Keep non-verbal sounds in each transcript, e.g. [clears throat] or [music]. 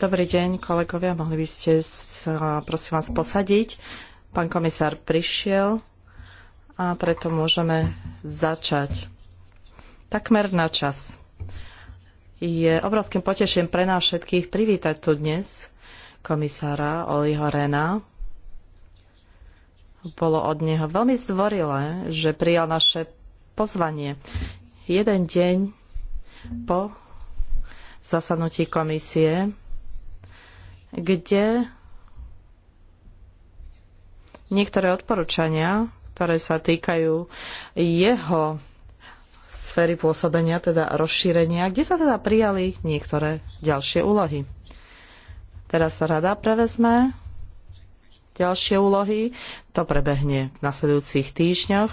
Dobrý deň, kolegovia, mohli by ste sa, prosím vás, posadiť. Pán komisár prišiel a preto môžeme začať. Takmer na čas. Je obrovským potešením pre nás všetkých privítať tu dnes komisára Oliho Rena, bolo od neho veľmi zdvorilé, že prijal naše pozvanie. Jeden deň po zasadnutí komisie, kde niektoré odporúčania, ktoré sa týkajú jeho sféry pôsobenia, teda rozšírenia, kde sa teda prijali niektoré ďalšie úlohy. Teraz sa rada prevezme ďalšie úlohy. To prebehne v nasledujúcich týždňoch,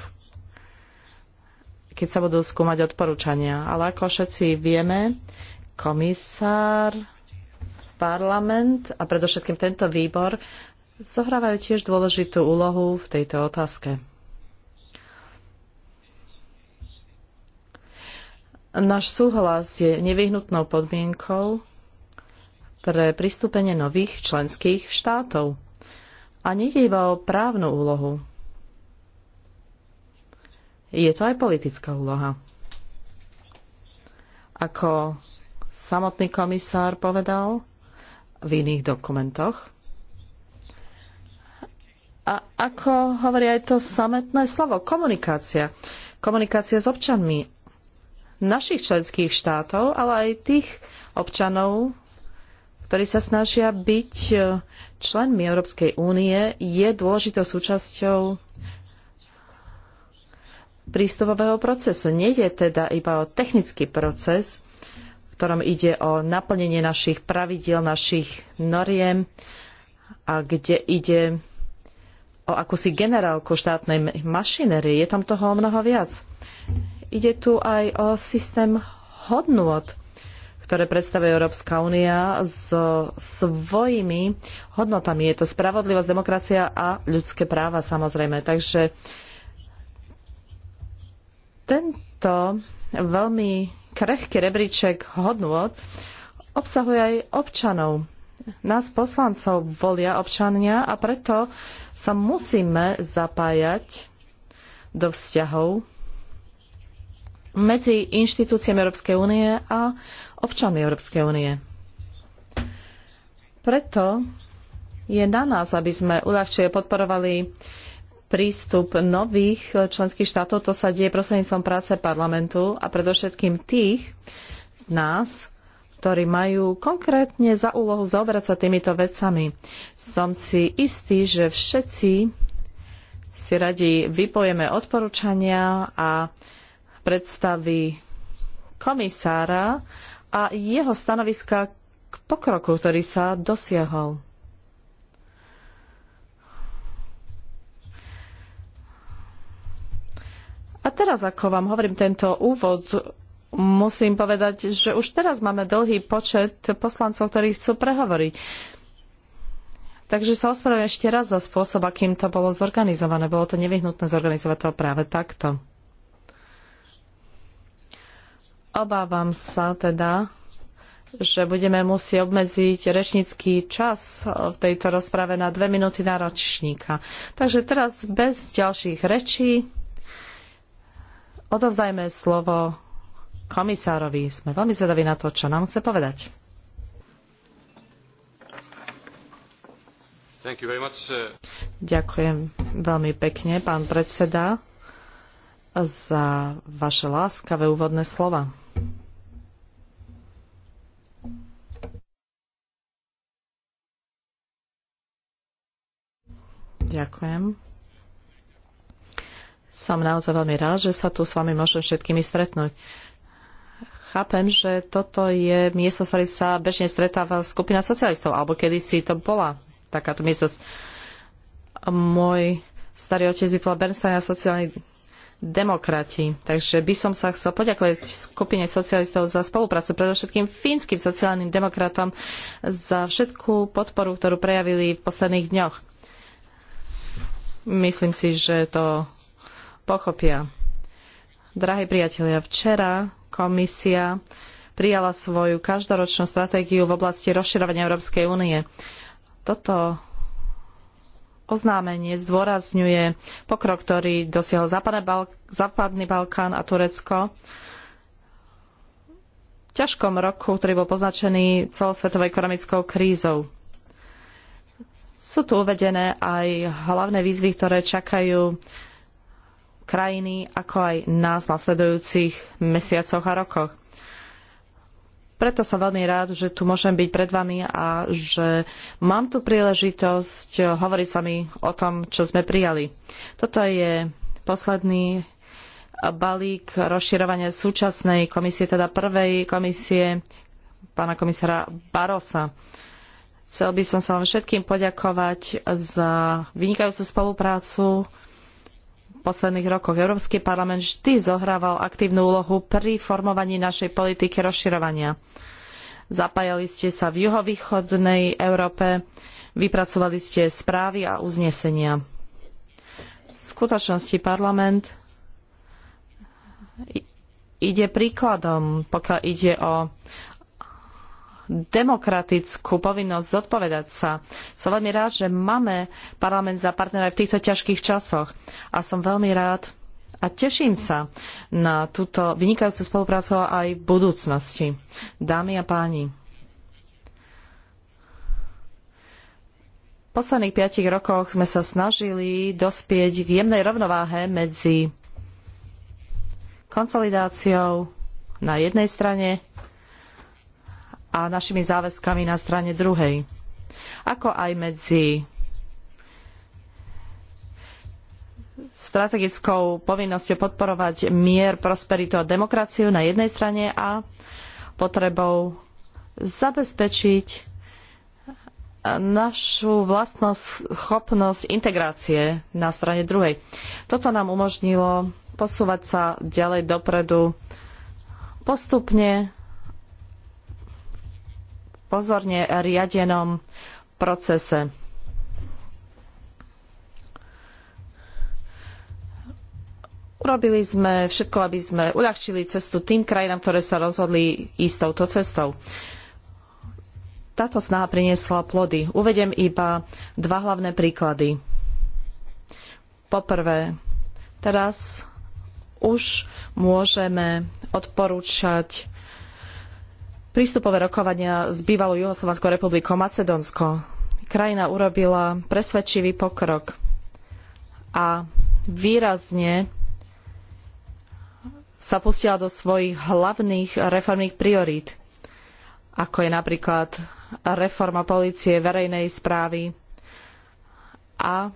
keď sa budú skúmať odporúčania. Ale ako všetci vieme, komisár, parlament a predovšetkým tento výbor zohrávajú tiež dôležitú úlohu v tejto otázke. Náš súhlas je nevyhnutnou podmienkou pre pristúpenie nových členských štátov. A nejde iba o právnu úlohu. Je to aj politická úloha. Ako samotný komisár povedal v iných dokumentoch, a ako hovorí aj to samotné slovo, komunikácia. Komunikácia s občanmi našich členských štátov, ale aj tých občanov, ktorí sa snažia byť členmi Európskej únie je dôležitou súčasťou prístupového procesu. Nejde teda iba o technický proces, v ktorom ide o naplnenie našich pravidiel, našich noriem a kde ide o akúsi generálku štátnej mašinerie. Je tam toho o mnoho viac. Ide tu aj o systém hodnôt, ktoré predstavuje Európska únia so svojimi hodnotami. Je to spravodlivosť, demokracia a ľudské práva samozrejme. Takže tento veľmi krehký rebríček hodnôt obsahuje aj občanov. Nás poslancov volia občania a preto sa musíme zapájať do vzťahov medzi inštitúciami Európskej únie a občanmi Európskej únie. Preto je na nás, aby sme uľahčie podporovali prístup nových členských štátov. To sa deje prostredníctvom práce parlamentu a predovšetkým tých z nás, ktorí majú konkrétne za úlohu zaoberať sa týmito vecami. Som si istý, že všetci si radi vypojeme odporúčania a predstavy komisára a jeho stanoviska k pokroku, ktorý sa dosiahol. A teraz, ako vám hovorím tento úvod, musím povedať, že už teraz máme dlhý počet poslancov, ktorí chcú prehovoriť. Takže sa ospravedlňujem ešte raz za spôsob, akým to bolo zorganizované. Bolo to nevyhnutné zorganizovať to práve takto. Obávam sa teda, že budeme musieť obmedziť rečnícky čas v tejto rozprave na dve minúty na ročníka. Takže teraz bez ďalších rečí odovzdajme slovo komisárovi. Sme veľmi zvedaví na to, čo nám chce povedať. Much, Ďakujem veľmi pekne, pán predseda, za vaše láskavé úvodné slova. Ďakujem. Som naozaj veľmi rád, že sa tu s vami môžem všetkými stretnúť. Chápem, že toto je miesto, ktoré sa bežne stretáva skupina socialistov, alebo kedysi to bola takáto miesto. Môj starý otec vyplal Bernstein a sociálni demokrati. Takže by som sa chcel poďakovať skupine socialistov za spoluprácu, predovšetkým fínskym sociálnym demokratom za všetkú podporu, ktorú prejavili v posledných dňoch. Myslím si, že to pochopia. Drahí priatelia, včera komisia prijala svoju každoročnú stratégiu v oblasti rozširovania Európskej únie. Toto oznámenie zdôrazňuje pokrok, ktorý dosiahol Západný Balkán a Turecko v ťažkom roku, ktorý bol poznačený celosvetovou ekonomickou krízou. Sú tu uvedené aj hlavné výzvy, ktoré čakajú krajiny, ako aj nás v nasledujúcich mesiacoch a rokoch. Preto som veľmi rád, že tu môžem byť pred vami a že mám tu príležitosť hovoriť s vami o tom, čo sme prijali. Toto je posledný balík rozširovania súčasnej komisie, teda prvej komisie pána komisára Barosa. Chcel by som sa vám všetkým poďakovať za vynikajúcu spoluprácu v posledných rokoch. Európsky parlament vždy zohrával aktívnu úlohu pri formovaní našej politiky rozširovania. Zapájali ste sa v juhovýchodnej Európe, vypracovali ste správy a uznesenia. V skutočnosti parlament ide príkladom, pokiaľ ide o demokratickú povinnosť zodpovedať sa. Som veľmi rád, že máme parlament za partnera aj v týchto ťažkých časoch. A som veľmi rád a teším sa na túto vynikajúcu spoluprácu aj v budúcnosti. Dámy a páni, v posledných piatich rokoch sme sa snažili dospieť k jemnej rovnováhe medzi konsolidáciou na jednej strane a našimi záväzkami na strane druhej. Ako aj medzi strategickou povinnosťou podporovať mier, prosperitu a demokraciu na jednej strane a potrebou zabezpečiť našu vlastnú schopnosť integrácie na strane druhej. Toto nám umožnilo posúvať sa ďalej dopredu postupne pozorne riadenom procese. Urobili sme všetko, aby sme uľahčili cestu tým krajinám, ktoré sa rozhodli ísť touto cestou. Táto snaha priniesla plody. Uvediem iba dva hlavné príklady. Poprvé, teraz už môžeme odporúčať prístupové rokovania s bývalou Juhoslovanskou republikou Macedónsko. Krajina urobila presvedčivý pokrok a výrazne sa pustila do svojich hlavných reformných priorít, ako je napríklad reforma polície, verejnej správy a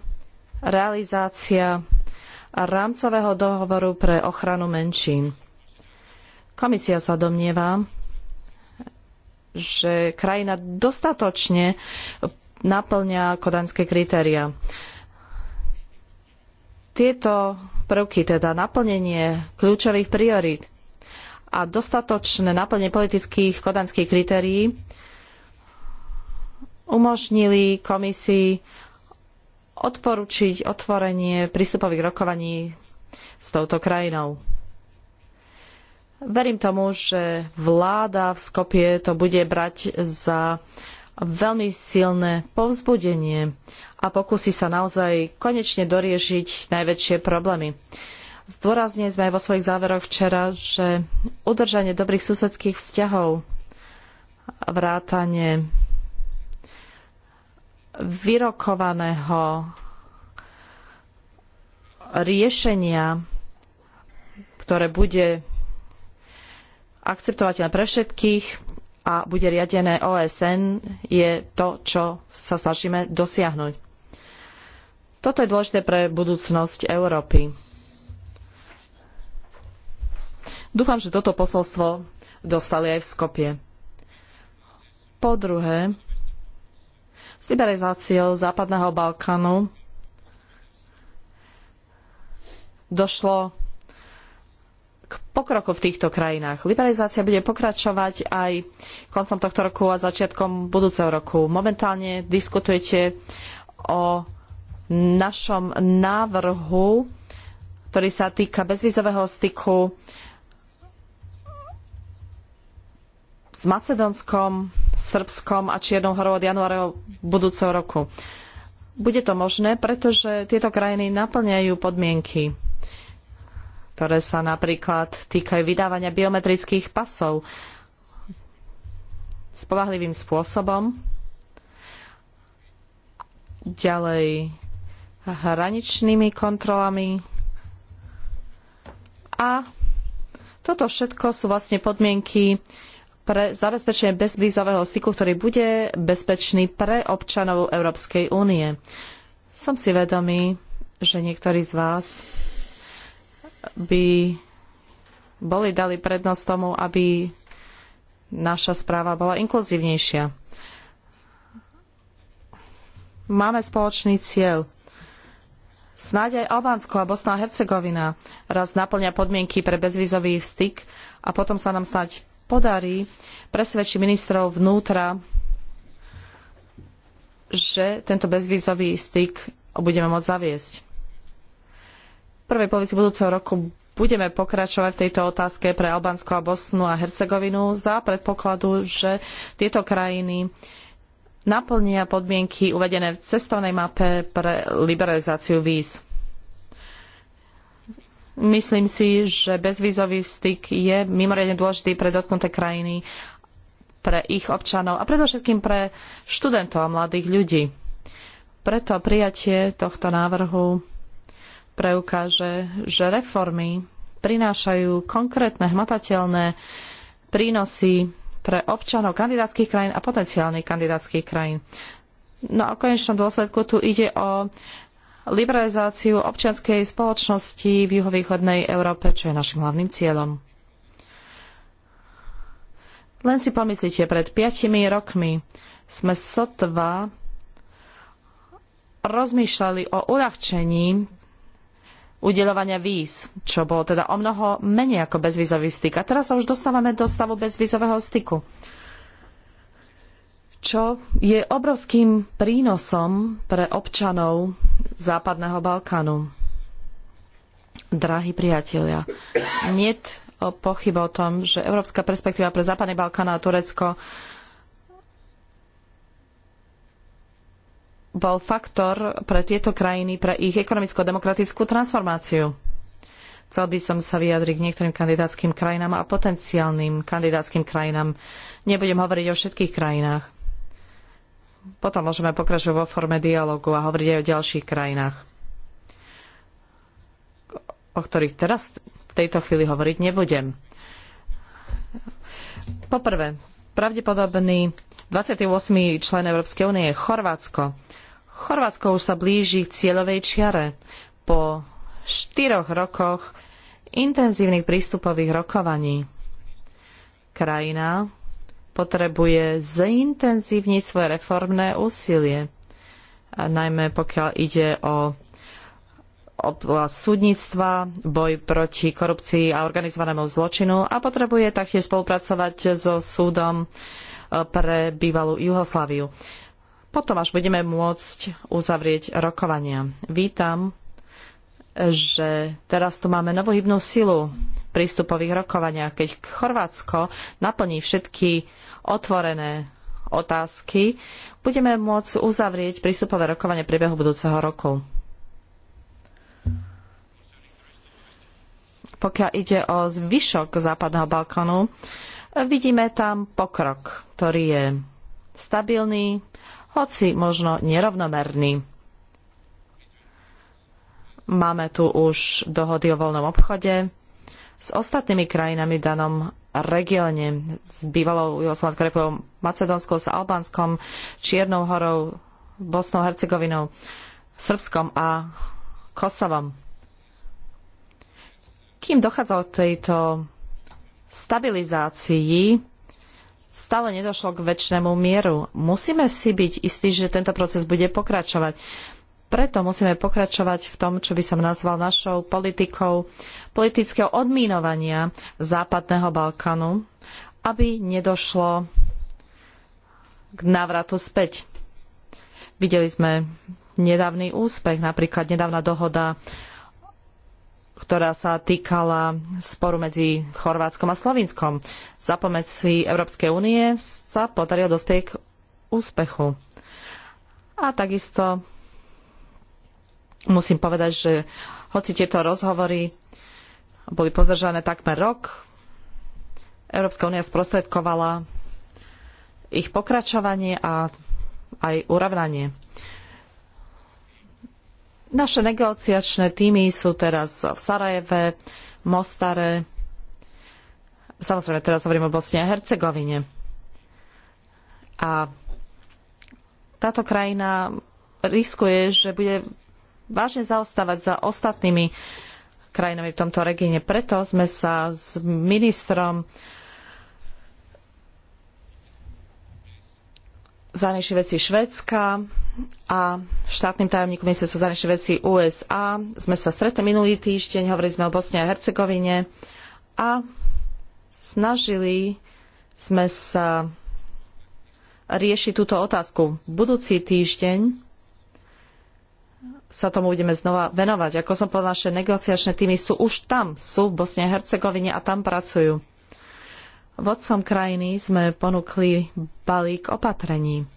realizácia rámcového dohovoru pre ochranu menšín. Komisia sa domnieva, že krajina dostatočne naplňa kodanské kritéria. Tieto prvky, teda naplnenie kľúčových priorít a dostatočné naplnenie politických kodanských kritérií umožnili komisii odporučiť otvorenie prístupových rokovaní s touto krajinou. Verím tomu, že vláda v Skopie to bude brať za veľmi silné povzbudenie a pokusí sa naozaj konečne doriešiť najväčšie problémy. Zdôraznili sme aj vo svojich záveroch včera, že udržanie dobrých susedských vzťahov, vrátanie vyrokovaného riešenia, ktoré bude akceptovateľné pre všetkých a bude riadené OSN, je to, čo sa snažíme dosiahnuť. Toto je dôležité pre budúcnosť Európy. Dúfam, že toto posolstvo dostali aj v Skopie. Po druhé, s liberalizáciou Západného Balkánu došlo k pokroku v týchto krajinách. Liberalizácia bude pokračovať aj koncom tohto roku a začiatkom budúceho roku. Momentálne diskutujete o našom návrhu, ktorý sa týka bezvízového styku s Macedónskom, Srbskom a Čiernou horou od januára budúceho roku. Bude to možné, pretože tieto krajiny naplňajú podmienky ktoré sa napríklad týkajú vydávania biometrických pasov spolahlivým spôsobom. Ďalej hraničnými kontrolami. A toto všetko sú vlastne podmienky pre zabezpečenie bezvízového styku, ktorý bude bezpečný pre občanov Európskej únie. Som si vedomý, že niektorí z vás by boli dali prednosť tomu, aby naša správa bola inkluzívnejšia. Máme spoločný cieľ. Snáď aj Albánsko a Bosna a Hercegovina raz naplňa podmienky pre bezvizový styk a potom sa nám snáď podarí presvedčiť ministrov vnútra, že tento bezvizový styk budeme môcť zaviesť prvej polovici budúceho roku budeme pokračovať v tejto otázke pre Albánsko a Bosnu a Hercegovinu za predpokladu, že tieto krajiny naplnia podmienky uvedené v cestovnej mape pre liberalizáciu víz. Myslím si, že bezvízový styk je mimoriadne dôležitý pre dotknuté krajiny, pre ich občanov a predovšetkým pre študentov a mladých ľudí. Preto prijatie tohto návrhu preukáže, že reformy prinášajú konkrétne hmatateľné prínosy pre občanov kandidátskych krajín a potenciálnych kandidátskych krajín. No a v konečnom dôsledku tu ide o liberalizáciu občianskej spoločnosti v juhovýchodnej Európe, čo je našim hlavným cieľom. Len si pomyslite, pred 5 rokmi sme sotva rozmýšľali o uľahčení udelovania víz, čo bolo teda o mnoho menej ako bezvízový styk. A teraz sa už dostávame do stavu bezvízového styku, čo je obrovským prínosom pre občanov Západného Balkánu. Drahí priatelia, niet pochyb o tom, že európska perspektíva pre Západný Balkán a Turecko bol faktor pre tieto krajiny, pre ich ekonomicko-demokratickú transformáciu. Chcel by som sa vyjadriť k niektorým kandidátskym krajinám a potenciálnym kandidátskym krajinám. Nebudem hovoriť o všetkých krajinách. Potom môžeme pokračovať vo forme dialogu a hovoriť aj o ďalších krajinách, o ktorých teraz v tejto chvíli hovoriť nebudem. Poprvé, pravdepodobný 28. člen Európskej únie je Chorvátsko. Chorvátsko už sa blíži k cieľovej čiare. Po štyroch rokoch intenzívnych prístupových rokovaní krajina potrebuje zintenzívniť svoje reformné úsilie, a najmä pokiaľ ide o oblasť súdnictva, boj proti korupcii a organizovanému zločinu a potrebuje taktiež spolupracovať so súdom e, pre bývalú Juhosláviu potom až budeme môcť uzavrieť rokovania. Vítam, že teraz tu máme novú hybnú silu v prístupových rokovaniach. Keď Chorvátsko naplní všetky otvorené otázky, budeme môcť uzavrieť prístupové rokovanie priebehu budúceho roku. Pokiaľ ide o zvyšok západného Balkánu, vidíme tam pokrok, ktorý je stabilný, hoci možno nerovnomerný. Máme tu už dohody o voľnom obchode s ostatnými krajinami v danom regióne, s bývalou Jugoslovanskou republikou Macedónskou, s Albánskom, Čiernou horou, Bosnou, Hercegovinou, Srbskom a Kosovom. Kým dochádzalo k tejto stabilizácii, stále nedošlo k väčšnému mieru. Musíme si byť istí, že tento proces bude pokračovať. Preto musíme pokračovať v tom, čo by som nazval našou politikou politického odmínovania Západného Balkánu, aby nedošlo k návratu späť. Videli sme nedávny úspech, napríklad nedávna dohoda ktorá sa týkala sporu medzi Chorvátskom a Slovinskom. Za pomoci Európskej únie sa podarilo dospieť k úspechu. A takisto musím povedať, že hoci tieto rozhovory boli pozdržané takmer rok, Európska únia sprostredkovala ich pokračovanie a aj uravnanie. Naše negociačné týmy sú teraz v Sarajeve, Mostare, samozrejme teraz hovorím o Bosne a Hercegovine. A táto krajina riskuje, že bude vážne zaostávať za ostatnými krajinami v tomto regióne. Preto sme sa s ministrom zahraničných vecí Švédska a štátnym tajomníkom ministerstva zahraničných vecí USA. Sme sa stretli minulý týždeň, hovorili sme o Bosne a Hercegovine a snažili sme sa riešiť túto otázku. Budúci týždeň sa tomu budeme znova venovať. Ako som povedala, naše negociačné týmy sú už tam, sú v Bosne a Hercegovine a tam pracujú. Vodcom krajiny sme ponúkli balík opatrení,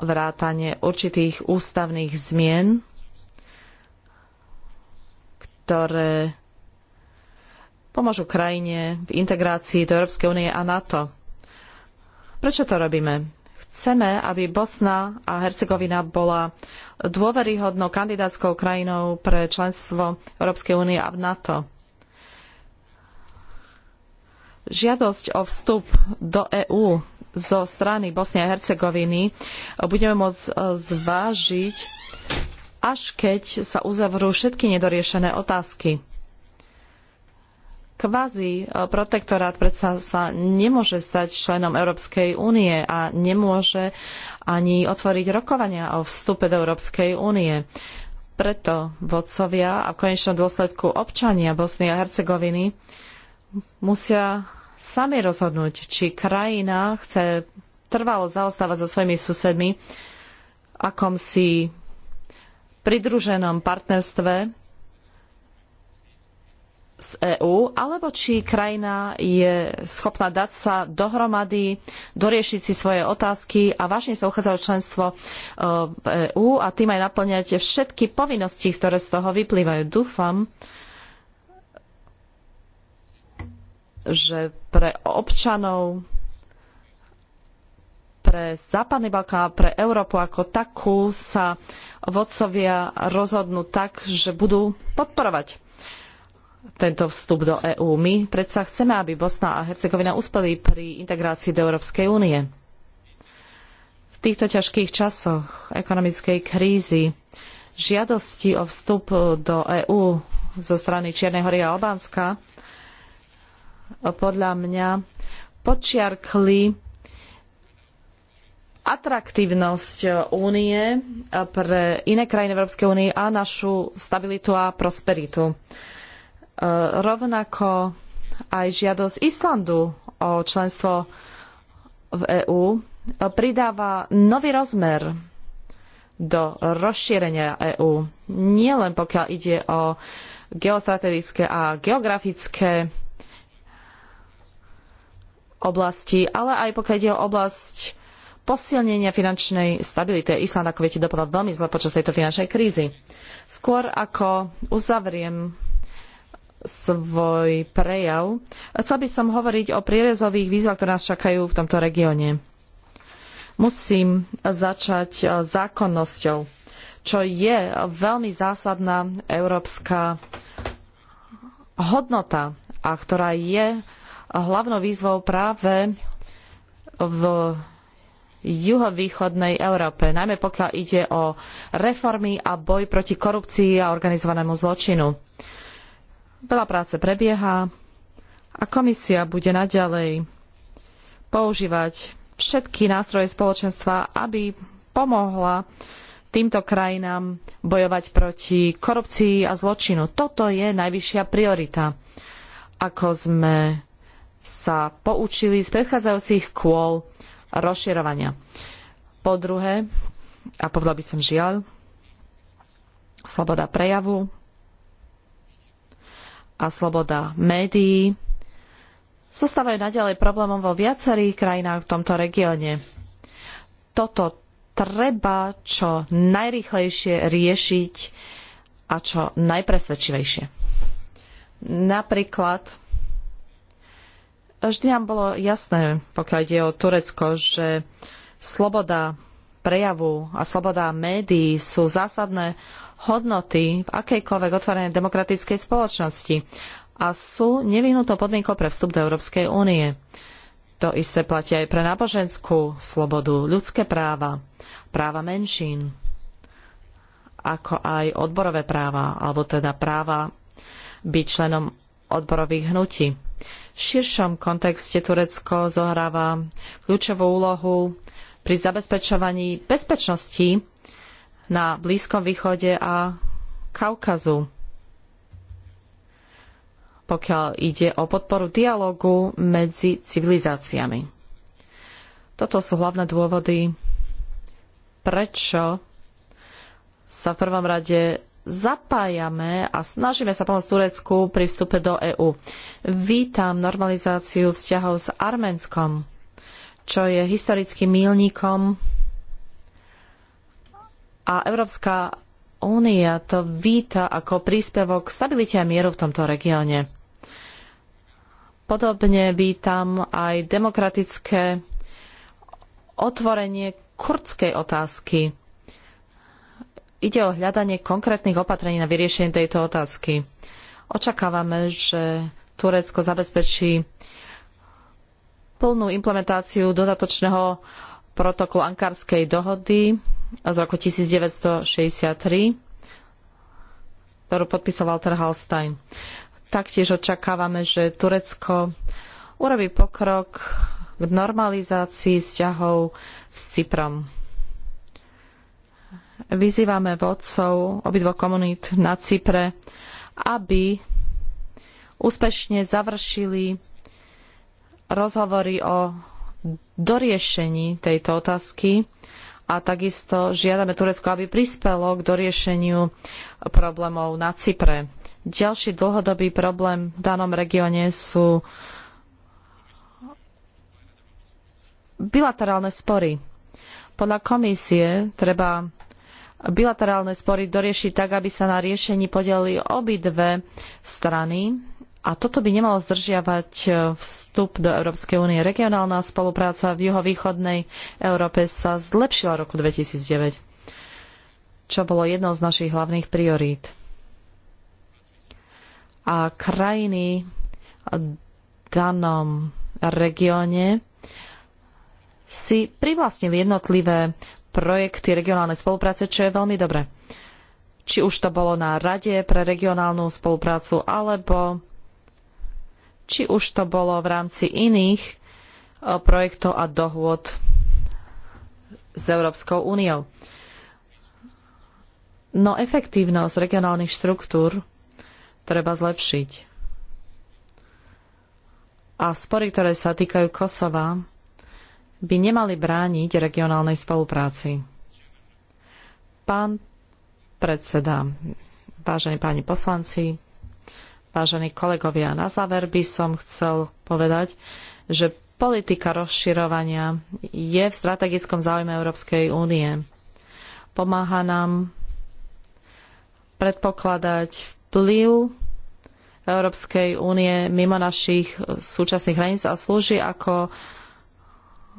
vrátanie určitých ústavných zmien, ktoré pomôžu krajine v integrácii do Európskej únie a NATO. Prečo to robíme? Chceme, aby Bosna a Hercegovina bola dôveryhodnou kandidátskou krajinou pre členstvo Európskej únie a v NATO žiadosť o vstup do EÚ zo strany Bosny a Hercegoviny budeme môcť e, zvážiť, až keď sa uzavrú všetky nedoriešené otázky. Kvázi e, protektorát predsa sa nemôže stať členom Európskej únie a nemôže ani otvoriť rokovania o vstupe do Európskej únie. Preto vodcovia a v konečnom dôsledku občania Bosny a Hercegoviny musia sami rozhodnúť, či krajina chce trvalo zaostávať so svojimi susedmi akom si pridruženom partnerstve z EÚ, alebo či krajina je schopná dať sa dohromady, doriešiť si svoje otázky a vážne sa uchádzať o členstvo e, v EÚ a tým aj naplňate všetky povinnosti, ktoré z toho vyplývajú. Dúfam, že pre občanov, pre Západný Balkán a pre Európu ako takú sa vodcovia rozhodnú tak, že budú podporovať tento vstup do EÚ. My predsa chceme, aby Bosna a Hercegovina uspeli pri integrácii do Európskej únie. V týchto ťažkých časoch ekonomickej krízy žiadosti o vstup do EÚ zo strany Čiernej hory a Albánska podľa mňa počiarkli atraktívnosť únie pre iné krajiny Európskej únie a našu stabilitu a prosperitu. E, rovnako aj žiadosť Islandu o členstvo v EÚ pridáva nový rozmer do rozšírenia EÚ. Nielen pokiaľ ide o geostrategické a geografické oblasti, ale aj pokiaľ ide o oblasť posilnenia finančnej stability. Island, ako viete, dopadol veľmi zle počas tejto finančnej krízy. Skôr ako uzavriem svoj prejav, chcel by som hovoriť o prierezových výzvach, ktoré nás čakajú v tomto regióne. Musím začať zákonnosťou, čo je veľmi zásadná európska hodnota a ktorá je hlavnou výzvou práve v juhovýchodnej Európe, najmä pokiaľ ide o reformy a boj proti korupcii a organizovanému zločinu. Veľa práce prebieha a komisia bude naďalej používať všetky nástroje spoločenstva, aby pomohla týmto krajinám bojovať proti korupcii a zločinu. Toto je najvyššia priorita. Ako sme sa poučili z predchádzajúcich kôl rozširovania. Po druhé, a povedal by som žiaľ, sloboda prejavu a sloboda médií zostávajú naďalej problémom vo viacerých krajinách v tomto regióne. Toto treba čo najrychlejšie riešiť a čo najpresvedčivejšie. Napríklad Vždy nám bolo jasné, pokiaľ ide o Turecko, že sloboda prejavu a sloboda médií sú zásadné hodnoty v akejkoľvek otvorenej demokratickej spoločnosti a sú nevyhnutnou podmienkou pre vstup do Európskej únie. To isté platí aj pre náboženskú slobodu, ľudské práva, práva menšín, ako aj odborové práva, alebo teda práva byť členom odborových hnutí. V širšom kontexte Turecko zohráva kľúčovú úlohu pri zabezpečovaní bezpečnosti na Blízkom východe a Kaukazu. Pokiaľ ide o podporu dialogu medzi civilizáciami. Toto sú hlavné dôvody, prečo sa v prvom rade zapájame a snažíme sa pomôcť Turecku pri vstupe do EÚ. Vítam normalizáciu vzťahov s Arménskom, čo je historickým mílnikom a Európska únia to víta ako príspevok k stabilite a mieru v tomto regióne. Podobne vítam aj demokratické otvorenie kurdskej otázky ide o hľadanie konkrétnych opatrení na vyriešenie tejto otázky. Očakávame, že Turecko zabezpečí plnú implementáciu dodatočného protokolu Ankarskej dohody z roku 1963, ktorú podpísal Walter Hallstein. Taktiež očakávame, že Turecko urobí pokrok k normalizácii vzťahov s Cyprom. Vyzývame vodcov obidvoch komunít na Cypre, aby úspešne završili rozhovory o doriešení tejto otázky a takisto žiadame Turecko, aby prispelo k doriešeniu problémov na Cypre. Ďalší dlhodobý problém v danom regióne sú bilaterálne spory. Podľa komisie treba bilaterálne spory doriešiť tak, aby sa na riešení podelili obidve strany. A toto by nemalo zdržiavať e, vstup do Európskej únie. Regionálna spolupráca v juhovýchodnej Európe sa zlepšila v roku 2009, čo bolo jednou z našich hlavných priorít. A krajiny v danom regióne si privlastnili jednotlivé projekty regionálnej spolupráce, čo je veľmi dobré. Či už to bolo na Rade pre regionálnu spoluprácu, alebo či už to bolo v rámci iných e, projektov a dohôd s Európskou úniou. No efektívnosť regionálnych štruktúr treba zlepšiť. A spory, ktoré sa týkajú Kosova, by nemali brániť regionálnej spolupráci. Pán predseda, vážení páni poslanci, vážení kolegovia, na záver by som chcel povedať, že politika rozširovania je v strategickom záujme Európskej únie. Pomáha nám predpokladať vplyv Európskej únie mimo našich súčasných hraníc a slúži ako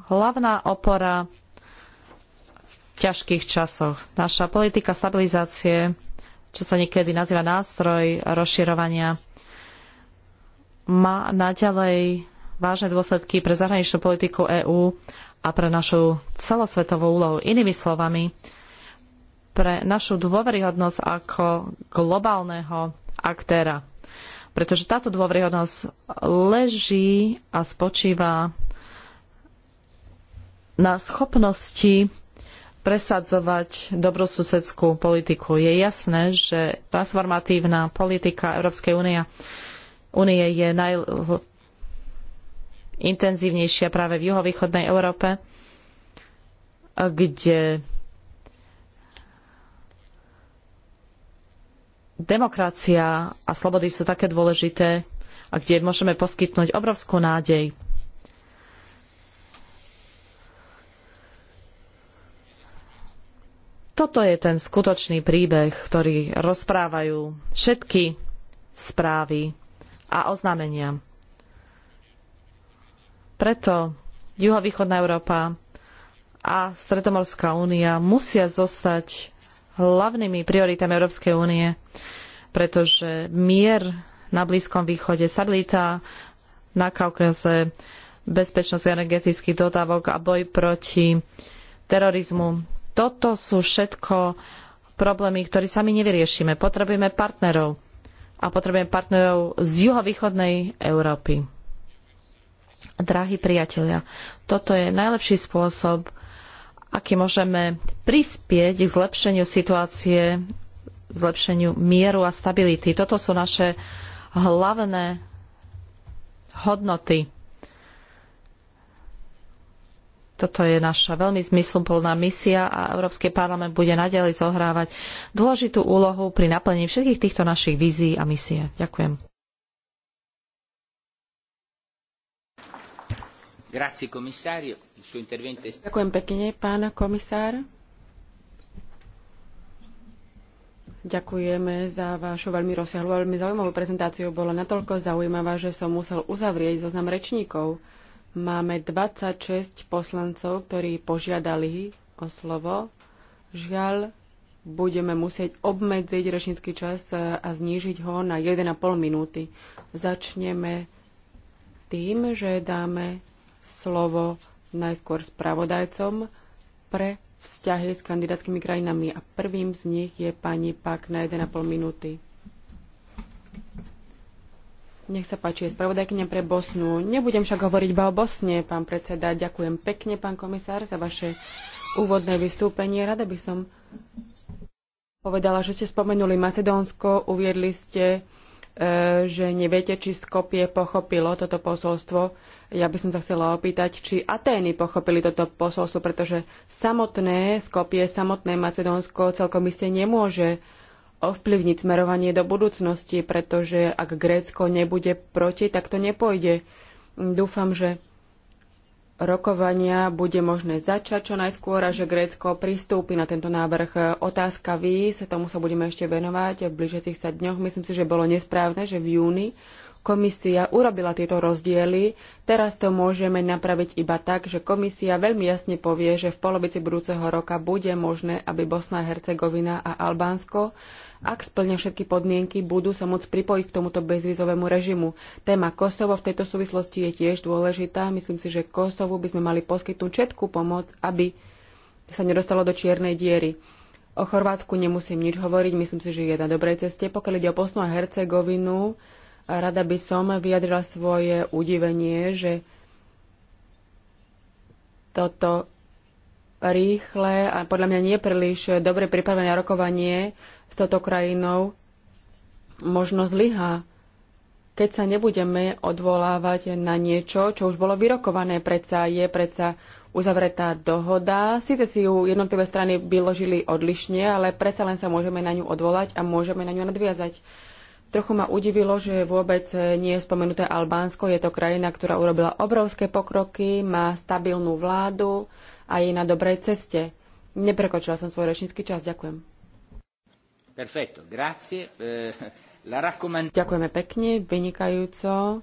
hlavná opora v ťažkých časoch. Naša politika stabilizácie, čo sa niekedy nazýva nástroj rozširovania, má naďalej vážne dôsledky pre zahraničnú politiku EÚ a pre našu celosvetovú úlohu. Inými slovami, pre našu dôveryhodnosť ako globálneho aktéra. Pretože táto dôveryhodnosť leží a spočíva na schopnosti presadzovať dobrosusedskú politiku. Je jasné, že transformatívna politika Európskej únie, únie je najintenzívnejšia práve v juhovýchodnej Európe, kde demokracia a slobody sú také dôležité a kde môžeme poskytnúť obrovskú nádej Toto je ten skutočný príbeh, ktorý rozprávajú všetky správy a oznámenia. Preto juhovýchodná Európa a Stredomorská únia musia zostať hlavnými prioritami Európskej únie, pretože mier na Blízkom východe, stabilita na Kaukaze, bezpečnosť energetických dodávok a boj proti terorizmu toto sú všetko problémy, ktoré sami nevyriešime. Potrebujeme partnerov. A potrebujeme partnerov z juhovýchodnej Európy. Drahí priatelia, toto je najlepší spôsob, aký môžeme prispieť k zlepšeniu situácie, zlepšeniu mieru a stability. Toto sú naše hlavné hodnoty. Toto je naša veľmi zmysluplná misia a Európsky parlament bude naďalej zohrávať dôležitú úlohu pri naplnení všetkých týchto našich vízií a misie. Ďakujem. Grazie, Ďakujem pekne, pán komisár. Ďakujeme za vašu veľmi rozsiahlu, veľmi zaujímavú prezentáciu. Bola natoľko zaujímavá, že som musel uzavrieť zoznam rečníkov. Máme 26 poslancov, ktorí požiadali o slovo. Žiaľ, budeme musieť obmedziť rečnícky čas e, a znížiť ho na 1,5 minúty. Začneme tým, že dáme slovo najskôr spravodajcom pre vzťahy s kandidátskymi krajinami a prvým z nich je pani Pak na 1,5 minúty. Nech sa páči, je spravodajkňa pre Bosnu. Nebudem však hovoriť iba o Bosne, pán predseda. Ďakujem pekne, pán komisár, za vaše úvodné vystúpenie. Rada by som povedala, že ste spomenuli Macedónsko, uviedli ste, e, že neviete, či Skopie pochopilo toto posolstvo. Ja by som sa chcela opýtať, či Atény pochopili toto posolstvo, pretože samotné Skopie, samotné Macedónsko celkom iste nemôže ovplyvniť smerovanie do budúcnosti, pretože ak Grécko nebude proti, tak to nepôjde. Dúfam, že rokovania bude možné začať čo najskôr a že Grécko pristúpi na tento návrh. Otázka sa tomu sa budeme ešte venovať v blížiacich sa dňoch. Myslím si, že bolo nesprávne, že v júni komisia urobila tieto rozdiely. Teraz to môžeme napraviť iba tak, že komisia veľmi jasne povie, že v polovici budúceho roka bude možné, aby Bosna a Hercegovina a Albánsko ak splňa všetky podmienky, budú sa môcť pripojiť k tomuto bezvizovému režimu. Téma Kosovo v tejto súvislosti je tiež dôležitá. Myslím si, že Kosovu by sme mali poskytnúť všetku pomoc, aby sa nedostalo do čiernej diery. O Chorvátsku nemusím nič hovoriť, myslím si, že je na dobrej ceste. Pokiaľ ide o Bosnu a Hercegovinu, rada by som vyjadrila svoje udivenie, že toto rýchle a podľa mňa nie príliš dobre pripravené rokovanie s touto krajinou možno zlyhá, keď sa nebudeme odvolávať na niečo, čo už bolo vyrokované. Predsa je predsa uzavretá dohoda. Sice si ju jednotlivé strany vyložili odlišne, ale predsa len sa môžeme na ňu odvolať a môžeme na ňu nadviazať. Trochu ma udivilo, že vôbec nie je spomenuté Albánsko. Je to krajina, ktorá urobila obrovské pokroky, má stabilnú vládu a je na dobrej ceste. Neprekočila som svoj rečnícky čas. Ďakujem. Perfetto, grazie. Eh, la raccomand- Ďakujeme pekne, vynikajúco.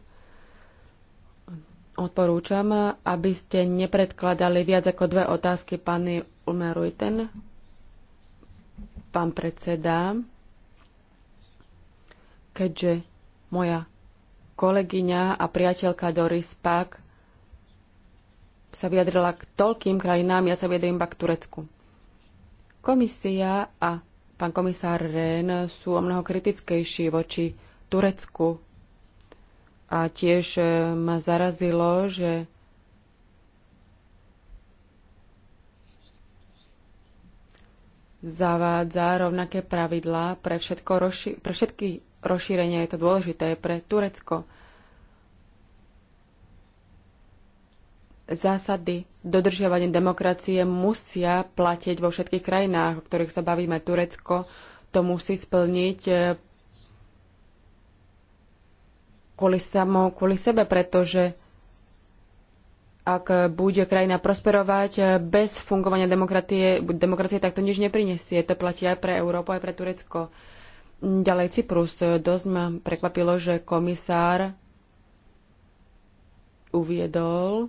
Odporúčam, aby ste nepredkladali viac ako dve otázky pani Ulmerujten. Pán predseda, keďže moja kolegyňa a priateľka Doris Pak sa vyjadrila k toľkým krajinám, ja sa vyjadrím iba k Turecku. Komisia a pán komisár Rehn, sú o mnoho kritickejší voči Turecku. A tiež e, ma zarazilo, že zavádza rovnaké pravidlá pre, všetko, pre všetky rozšírenia. Je to dôležité pre Turecko. zásady dodržiavania demokracie musia platiť vo všetkých krajinách, o ktorých sa bavíme. Turecko to musí splniť e, kvôli, samo, kvôli sebe, pretože ak bude krajina prosperovať e, bez fungovania demokratie, demokracie, tak to nič neprinesie. To platí aj pre Európu, aj pre Turecko. Ďalej Cyprus. Dosť ma prekvapilo, že komisár uviedol,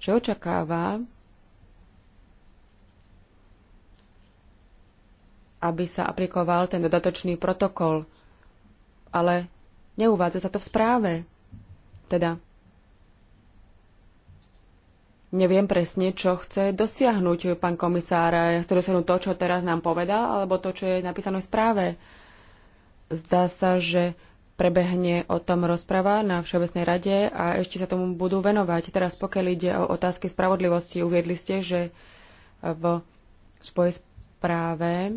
že očakáva, aby sa aplikoval ten dodatočný protokol, ale neuvádza sa to v správe. Teda neviem presne, čo chce dosiahnuť pán komisár. Chce dosiahnuť to, čo teraz nám povedal, alebo to, čo je napísané v správe. Zdá sa, že prebehne o tom rozprava na Všeobecnej rade a ešte sa tomu budú venovať. Teraz pokiaľ ide o otázky spravodlivosti, uviedli ste, že e, v svojej správe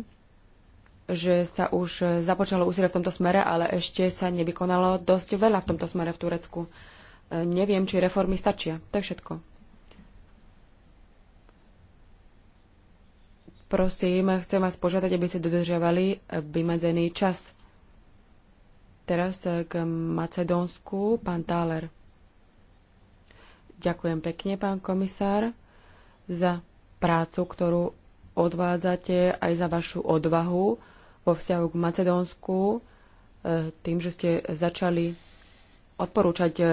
že sa už započalo úsilie v tomto smere, ale ešte sa nevykonalo dosť veľa v tomto smere v Turecku. E, neviem, či reformy stačia. To je všetko. Prosím, chcem vás požiadať, aby ste dodržiavali vymedzený čas Teraz eh, k Macedónsku, pán Táler. Ďakujem pekne, pán komisár, za prácu, ktorú odvádzate, aj za vašu odvahu vo vzťahu k Macedónsku, eh, tým, že ste začali odporúčať eh,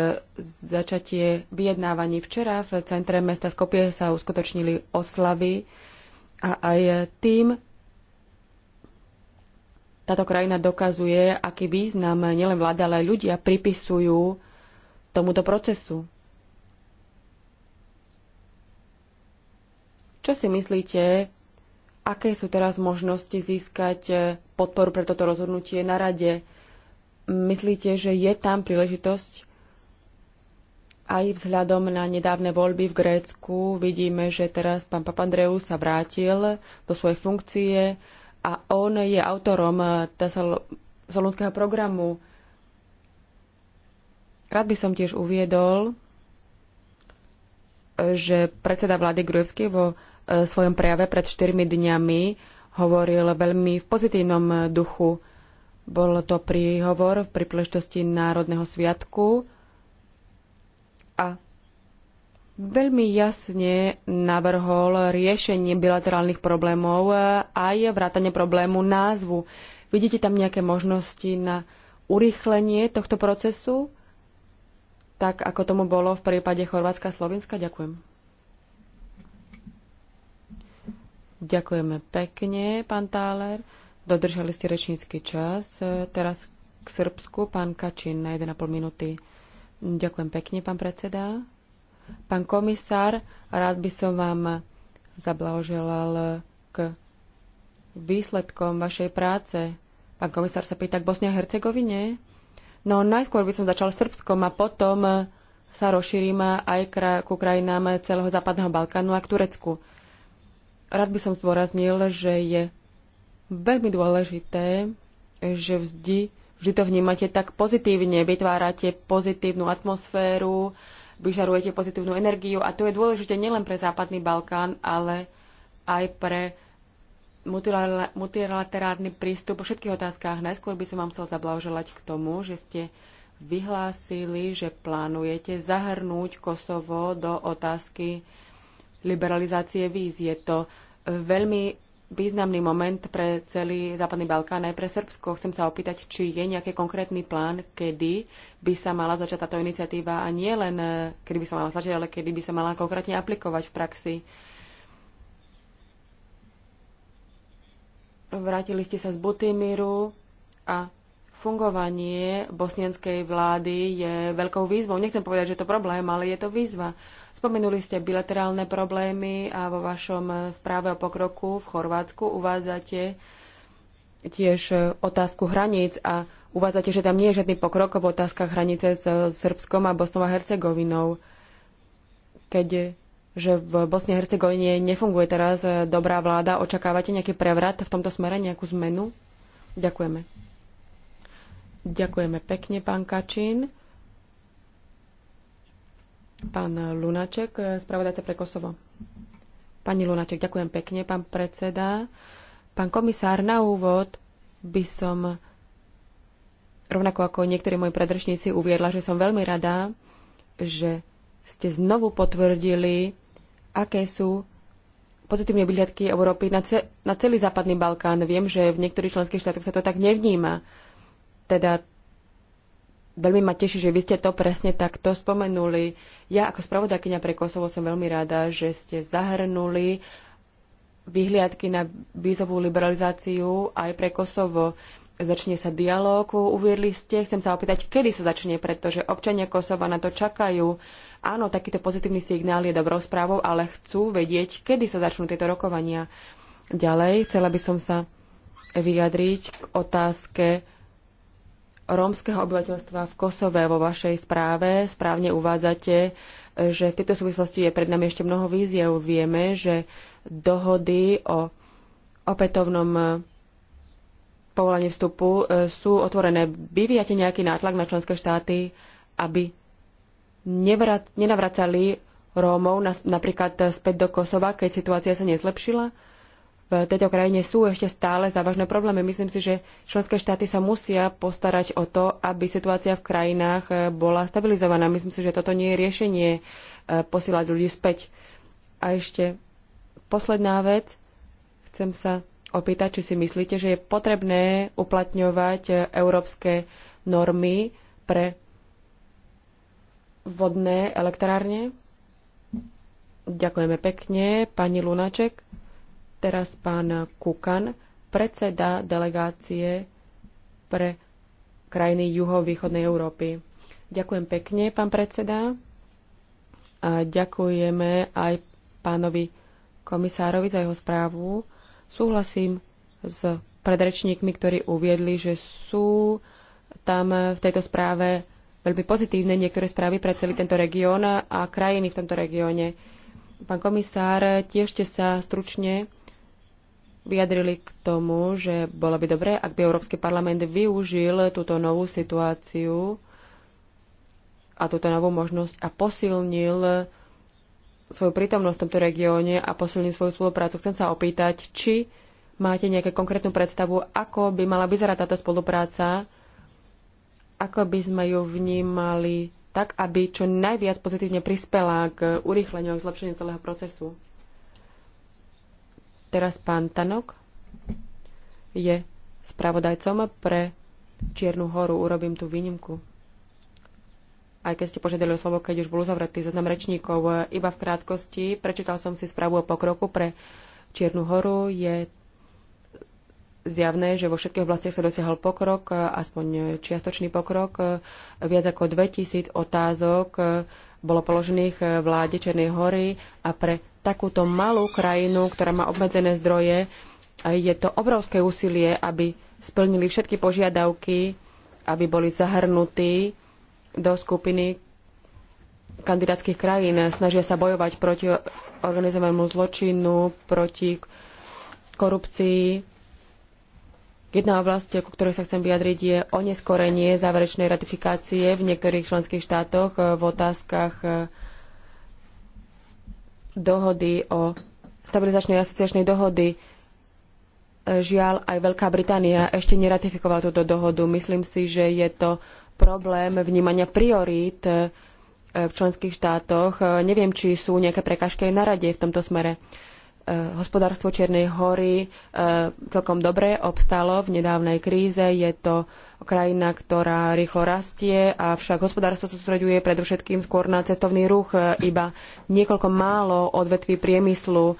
začatie vyjednávaní. Včera v centre mesta Skopie sa uskutočnili oslavy a aj tým táto krajina dokazuje, aký význam nielen vláda, ale aj ľudia pripisujú tomuto procesu. Čo si myslíte, aké sú teraz možnosti získať podporu pre toto rozhodnutie na rade? Myslíte, že je tam príležitosť aj vzhľadom na nedávne voľby v Grécku? Vidíme, že teraz pán Papandreou sa vrátil do svojej funkcie a on je autorom eh, solúdského programu. Rád by som tiež uviedol, eh, že predseda vlády Grujevský vo eh, svojom prejave pred 4 dňami hovoril veľmi v pozitívnom duchu. Bol to príhovor v príležitosti Národného sviatku a veľmi jasne navrhol riešenie bilaterálnych problémov aj vrátanie problému názvu. Vidíte tam nejaké možnosti na urýchlenie tohto procesu, tak ako tomu bolo v prípade Chorvátska a Slovenska? Ďakujem. Ďakujeme pekne, pán Táler. Dodržali ste rečnícky čas. Teraz k Srbsku, pán Kačin na 1,5 minúty. Ďakujem pekne, pán predseda. Pán komisár, rád by som vám zablahoželal k výsledkom vašej práce. Pán komisár sa pýta k Bosne a Hercegovine. No najskôr by som začal Srbskom a potom sa rozšírim aj ku krajinám celého Západného Balkánu a k Turecku. Rád by som zdôraznil, že je veľmi dôležité, že vždy, vždy to vnímate tak pozitívne, vytvárate pozitívnu atmosféru, vyžarujete pozitívnu energiu a to je dôležité nielen pre Západný Balkán, ale aj pre multilaterálny prístup po všetkých otázkach. Najskôr by som vám chcel zablahoželať k tomu, že ste vyhlásili, že plánujete zahrnúť Kosovo do otázky liberalizácie víz. Je to veľmi významný moment pre celý Západný Balkán aj pre Srbsko. Chcem sa opýtať, či je nejaký konkrétny plán, kedy by sa mala začať táto iniciatíva a nie len eh, kedy by sa mala začať, ale kedy by sa mala konkrétne aplikovať v praxi. Vrátili ste sa z Butymiru a fungovanie bosnianskej vlády je veľkou výzvou. Nechcem povedať, že je to problém, ale je to výzva. Spomenuli ste bilaterálne problémy a vo vašom správe o pokroku v Chorvátsku uvádzate tiež otázku hraníc a uvádzate, že tam nie je žiadny pokrok v otázkach hranice s e, Srbskom a Bosnou a Hercegovinou. Keď že v Bosne a Hercegovine nefunguje teraz e, dobrá vláda, očakávate nejaký prevrat v tomto smere, nejakú zmenu? Ďakujeme. Ďakujeme pekne, pán Kačín. Pán Lunaček, spravodajca pre Kosovo. Pani Lunaček, ďakujem pekne, pán predseda. Pán komisár, na úvod by som rovnako ako niektorí moji predrečníci uviedla, že som veľmi rada, že ste znovu potvrdili, aké sú pozitívne výhľadky Európy na, ce- na celý západný Balkán. Viem, že v niektorých členských štátoch sa to tak nevníma. Teda veľmi ma teší, že vy ste to presne takto spomenuli. Ja ako spravodajkynia pre Kosovo som veľmi rada, že ste zahrnuli vyhliadky na vízovú liberalizáciu aj pre Kosovo. Začne sa dialog, uviedli ste. Chcem sa opýtať, kedy sa začne, pretože občania Kosova na to čakajú. Áno, takýto pozitívny signál je dobrou správou, ale chcú vedieť, kedy sa začnú tieto rokovania. Ďalej, chcela by som sa vyjadriť k otázke rómskeho obyvateľstva v Kosove. Vo vašej správe správne uvádzate, že v tejto súvislosti je pred nami ešte mnoho víziev. Vieme, že dohody o opätovnom eh, povolení vstupu eh, sú otvorené. Vyvíjate nejaký nátlak na členské štáty, aby nenavracali Rómov napríklad eh, späť do Kosova, keď situácia sa nezlepšila? v tejto krajine sú ešte stále závažné problémy. Myslím si, že členské štáty sa musia postarať o to, aby situácia v krajinách eh, bola stabilizovaná. Myslím si, že toto nie je riešenie eh, posielať ľudí späť. A ešte posledná vec. Chcem sa opýtať, či si myslíte, že je potrebné uplatňovať eh, európske normy pre vodné elektrárne? Ďakujeme pekne. Pani Lunaček. Teraz pán Kukan, predseda delegácie pre krajiny juho-východnej Európy. Ďakujem pekne, pán predseda. A ďakujeme aj pánovi komisárovi za jeho správu. Súhlasím s predrečníkmi, ktorí uviedli, že sú tam v tejto správe veľmi pozitívne niektoré správy pre celý tento región a krajiny v tomto regióne. Pán komisár, tiež ste sa stručne vyjadrili k tomu, že bolo by dobré, ak by Európsky parlament využil túto novú situáciu a túto novú možnosť a posilnil svoju prítomnosť v tomto regióne a posilnil svoju spoluprácu. Chcem sa opýtať, či máte nejakú konkrétnu predstavu, ako by mala vyzerať táto spolupráca, ako by sme ju vnímali tak, aby čo najviac pozitívne prispela k urýchleniu a zlepšeniu celého procesu. Teraz pán Tanok je spravodajcom pre Čiernu horu. Urobím tú výnimku. Aj keď ste požiadali o slovo, keď už bol uzavretý zoznam rečníkov, iba v krátkosti prečítal som si správu o pokroku pre Čiernu horu. Je zjavné, že vo všetkých oblastiach sa dosiahol pokrok, aspoň čiastočný pokrok. Viac ako 2000 otázok bolo položených vláde Černej hory a pre takúto malú krajinu, ktorá má obmedzené zdroje, je to obrovské úsilie, aby splnili všetky požiadavky, aby boli zahrnutí do skupiny kandidátskych krajín. Snažia sa bojovať proti organizovanému zločinu, proti korupcii. Jedna oblasť, ku ktorej sa chcem vyjadriť, je oneskorenie záverečnej ratifikácie v niektorých členských štátoch v otázkach dohody o stabilizačnej asociačnej dohody. E, žiaľ, aj Veľká Británia ešte neratifikovala túto dohodu. Myslím si, že je to problém vnímania priorít e, v členských štátoch. E, neviem, či sú nejaké prekažky aj na rade v tomto smere. Hospodárstvo Čiernej hory celkom dobre obstalo v nedávnej kríze. Je to krajina, ktorá rýchlo rastie, avšak hospodárstvo sa sústreďuje predovšetkým skôr na cestovný ruch. E, iba niekoľko málo odvetví priemyslu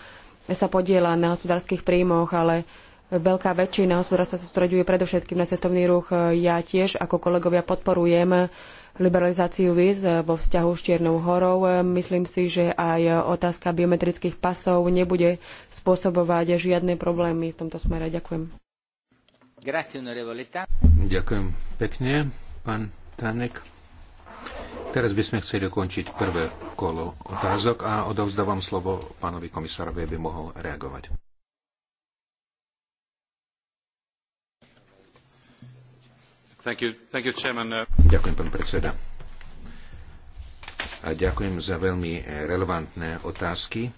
sa podiela na hospodárskych príjmoch, ale veľká väčšina hospodárstva sa sústreďuje predovšetkým na cestovný ruch. E, ja tiež ako kolegovia podporujem liberalizáciu víz e, vo vzťahu s Čiernou horou. Myslím si, že aj otázka biometrických pasov nebude spôsobovať žiadne problémy v tomto smere. Ďakujem. Ďakujem pekne, pán Tanek. Teraz by sme chceli ukončiť prvé kolo otázok a odovzdávam slovo pánovi komisárovi, aby mohol reagovať. Thank you. Thank you, ďakujem, pán predseda. A ďakujem za veľmi relevantné otázky.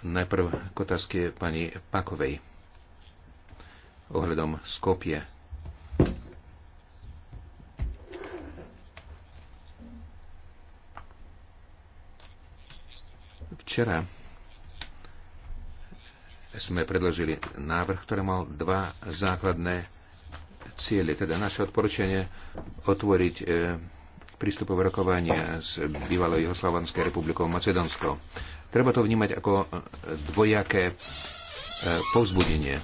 Najprv k otázke pani Pakovej ohľadom Skopie. Včera sme predložili návrh, ktorý mal dva základné ciele, teda naše odporúčanie otvoriť e, prístupové rokovania s bývalou Juhoslovanskou republikou Macedónskou. Treba to vnímať ako e, dvojaké e, povzbudenie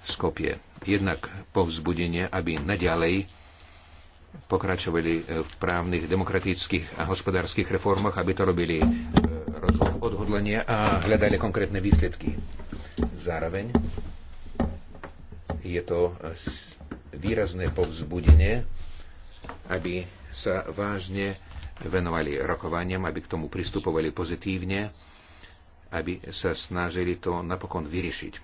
Skopie. Jednak povzbudenie, aby naďalej pokračovali e, v právnych, demokratických a hospodárskych reformách, aby to robili odhodlenie a hľadali konkrétne výsledky. Zároveň je to výrazné povzbudenie, aby sa vážne venovali rokovaniam, aby k tomu pristupovali pozitívne aby sa snažili to napokon vyriešiť.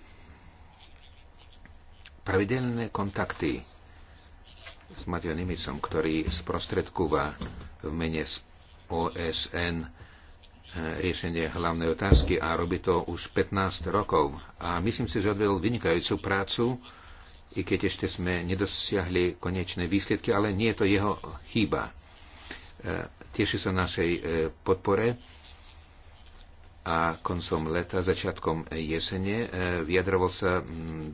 Pravidelné kontakty s Matejom Nimicom, ktorý sprostredkúva v mene OSN eh, riešenie hlavnej otázky a robí to už 15 rokov. A myslím si, že odvedol vynikajúcu prácu, i keď ešte sme nedosiahli konečné výsledky, ale nie je to jeho chyba. Eh, teší sa našej eh, podpore a koncom leta, začiatkom jesene e, vyjadroval sa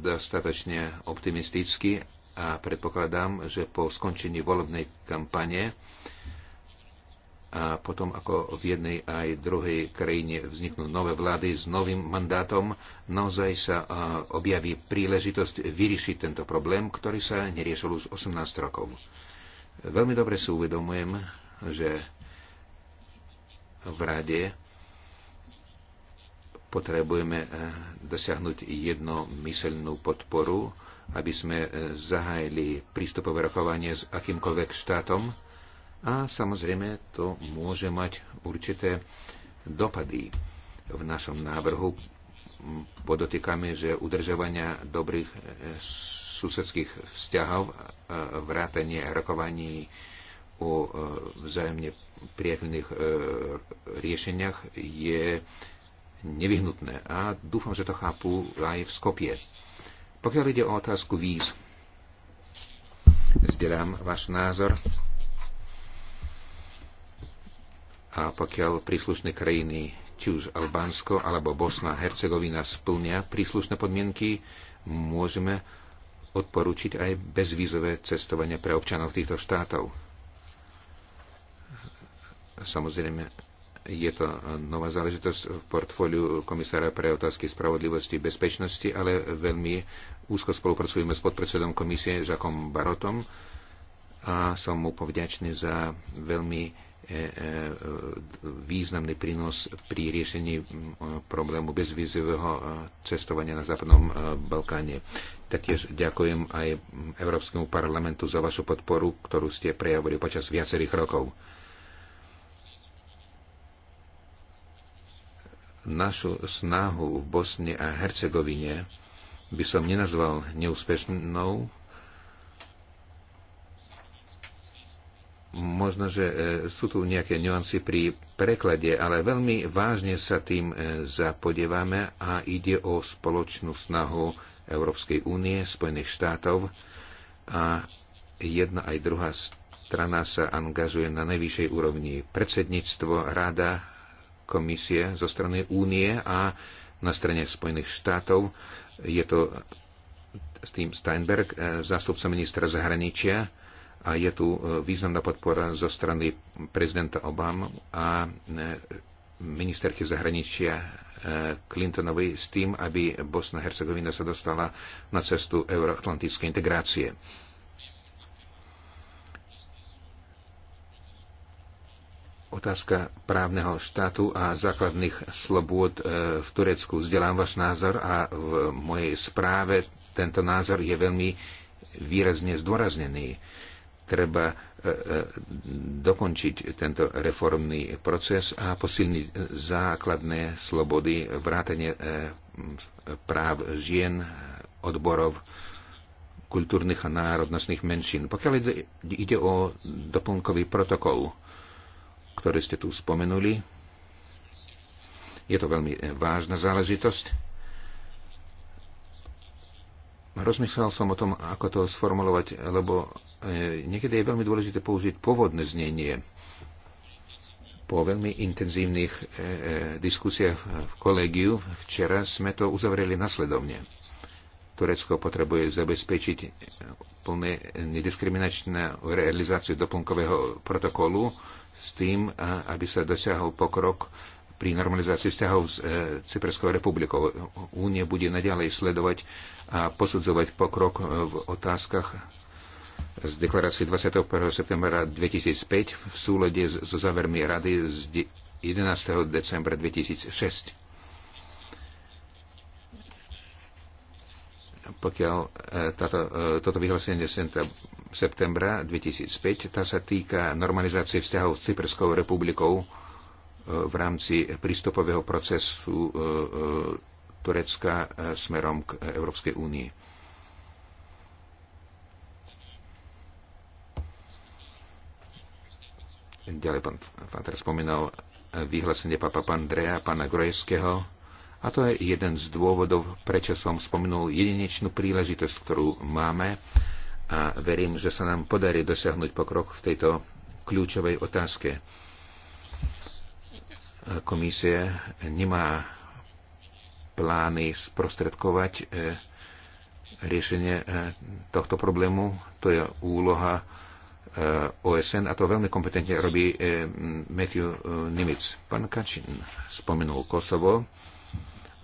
dostatočne optimisticky a predpokladám, že po skončení volebnej kampane a potom ako v jednej aj druhej krajine vzniknú nové vlády s novým mandátom, naozaj sa e, objaví príležitosť vyriešiť tento problém, ktorý sa neriešil už 18 rokov. Veľmi dobre si uvedomujem, že v rade Potrebujeme eh, dosiahnuť jednomyselnú podporu, aby sme eh, zahájili prístupové rokovanie s akýmkoľvek štátom a samozrejme to môže mať určité dopady v našom návrhu podotýkame, že udržovania dobrých eh, susedských vzťahov, vrátanie rokovaní o vzájomne priateľných riešeniach je nevyhnutné a dúfam, že to chápu aj v Skopie. Pokiaľ ide o otázku víz, zdieľam váš názor a pokiaľ príslušné krajiny, či už Albánsko alebo Bosna a Hercegovina splnia príslušné podmienky, môžeme odporučiť aj bezvízové cestovanie pre občanov týchto štátov. Samozrejme, je to nová záležitosť v portfóliu komisára pre otázky spravodlivosti a bezpečnosti, ale veľmi úzko spolupracujeme s podpredsedom komisie Žakom Barotom a som mu povďačný za veľmi e, e, významný prínos pri riešení problému bezvízového e, cestovania na Západnom Balkáne. Taktiež ďakujem aj Európskemu parlamentu za vašu podporu, ktorú ste prejavili počas viacerých rokov. našu snahu v Bosne a Hercegovine by som nenazval neúspešnou. Možno, že e, sú tu nejaké nuancy pri preklade, ale veľmi vážne sa tým e, zapodievame a ide o spoločnú snahu Európskej únie, Spojených štátov a jedna aj druhá strana sa angažuje na najvyššej úrovni. Predsedníctvo, rada komisie zo strany únie a na strane Spojených štátov. Je to Steam Steinberg, e, zástupca ministra zahraničia a je tu e, významná podpora zo strany prezidenta Obama a e, ministerky zahraničia Clintonovej s tým, aby Bosna-Hercegovina sa dostala na cestu euroatlantickej integrácie. Otázka právneho štátu a základných slobôd e, v Turecku. Vzdelám váš názor a v mojej správe tento názor je veľmi výrazne zdôraznený. Treba e, e, dokončiť tento reformný proces a posilniť základné slobody, vrátanie práv žien, odborov, kultúrnych a národnostných menšín. Pokiaľ ide o doplnkový protokol, ktoré ste tu spomenuli. Je to veľmi e, vážna záležitosť. Rozmýšľal som o tom, ako to sformulovať, lebo e, niekedy je veľmi dôležité použiť pôvodné znenie. Po veľmi intenzívnych e, diskusiách v kolegiu včera sme to uzavreli nasledovne. Turecko potrebuje zabezpečiť plné nediskriminačnú realizáciu doplnkového protokolu s tým, aby sa dosiahol pokrok pri normalizácii vzťahov s e, Cyperskou republikou. Únie bude naďalej sledovať a posudzovať pokrok e, v otázkach z deklarácie 21. septembra 2005 v súlede so závermi rady z 11. decembra 2006. pokiaľ e, táto, e, toto vyhlásenie 10. septembra 2005, tá sa týka normalizácie vzťahov s Cyperskou republikou e, v rámci prístupového procesu Turecka smerom k Európskej únii. Ďalej pán Fater spomínal vyhlásenie papa Pandrea, pána Grojevského, a to je jeden z dôvodov, prečo som spomenul jedinečnú príležitosť, ktorú máme a verím, že sa nám podarí dosiahnuť pokrok v tejto kľúčovej otázke. Komisie nemá plány sprostredkovať e, riešenie e, tohto problému. To je úloha e, OSN a to veľmi kompetentne robí Matthew Nimitz. Pán Kačin spomenul Kosovo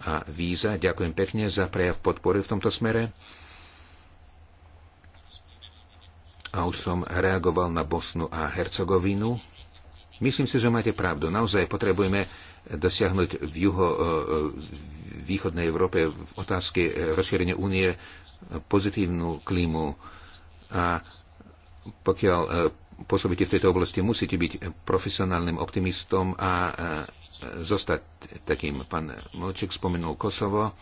a víza. Ďakujem pekne za prejav podpory v tomto smere. A už som reagoval na Bosnu a Hercegovinu. Myslím si, že máte pravdu. Naozaj potrebujeme dosiahnuť v juho e, e, východnej Európe v otázke rozšírenia únie pozitívnu klímu. A pokiaľ e, pôsobíte v tejto oblasti, musíte byť profesionálnym optimistom a zostať takým. Pán Molčík spomenul Kosovo.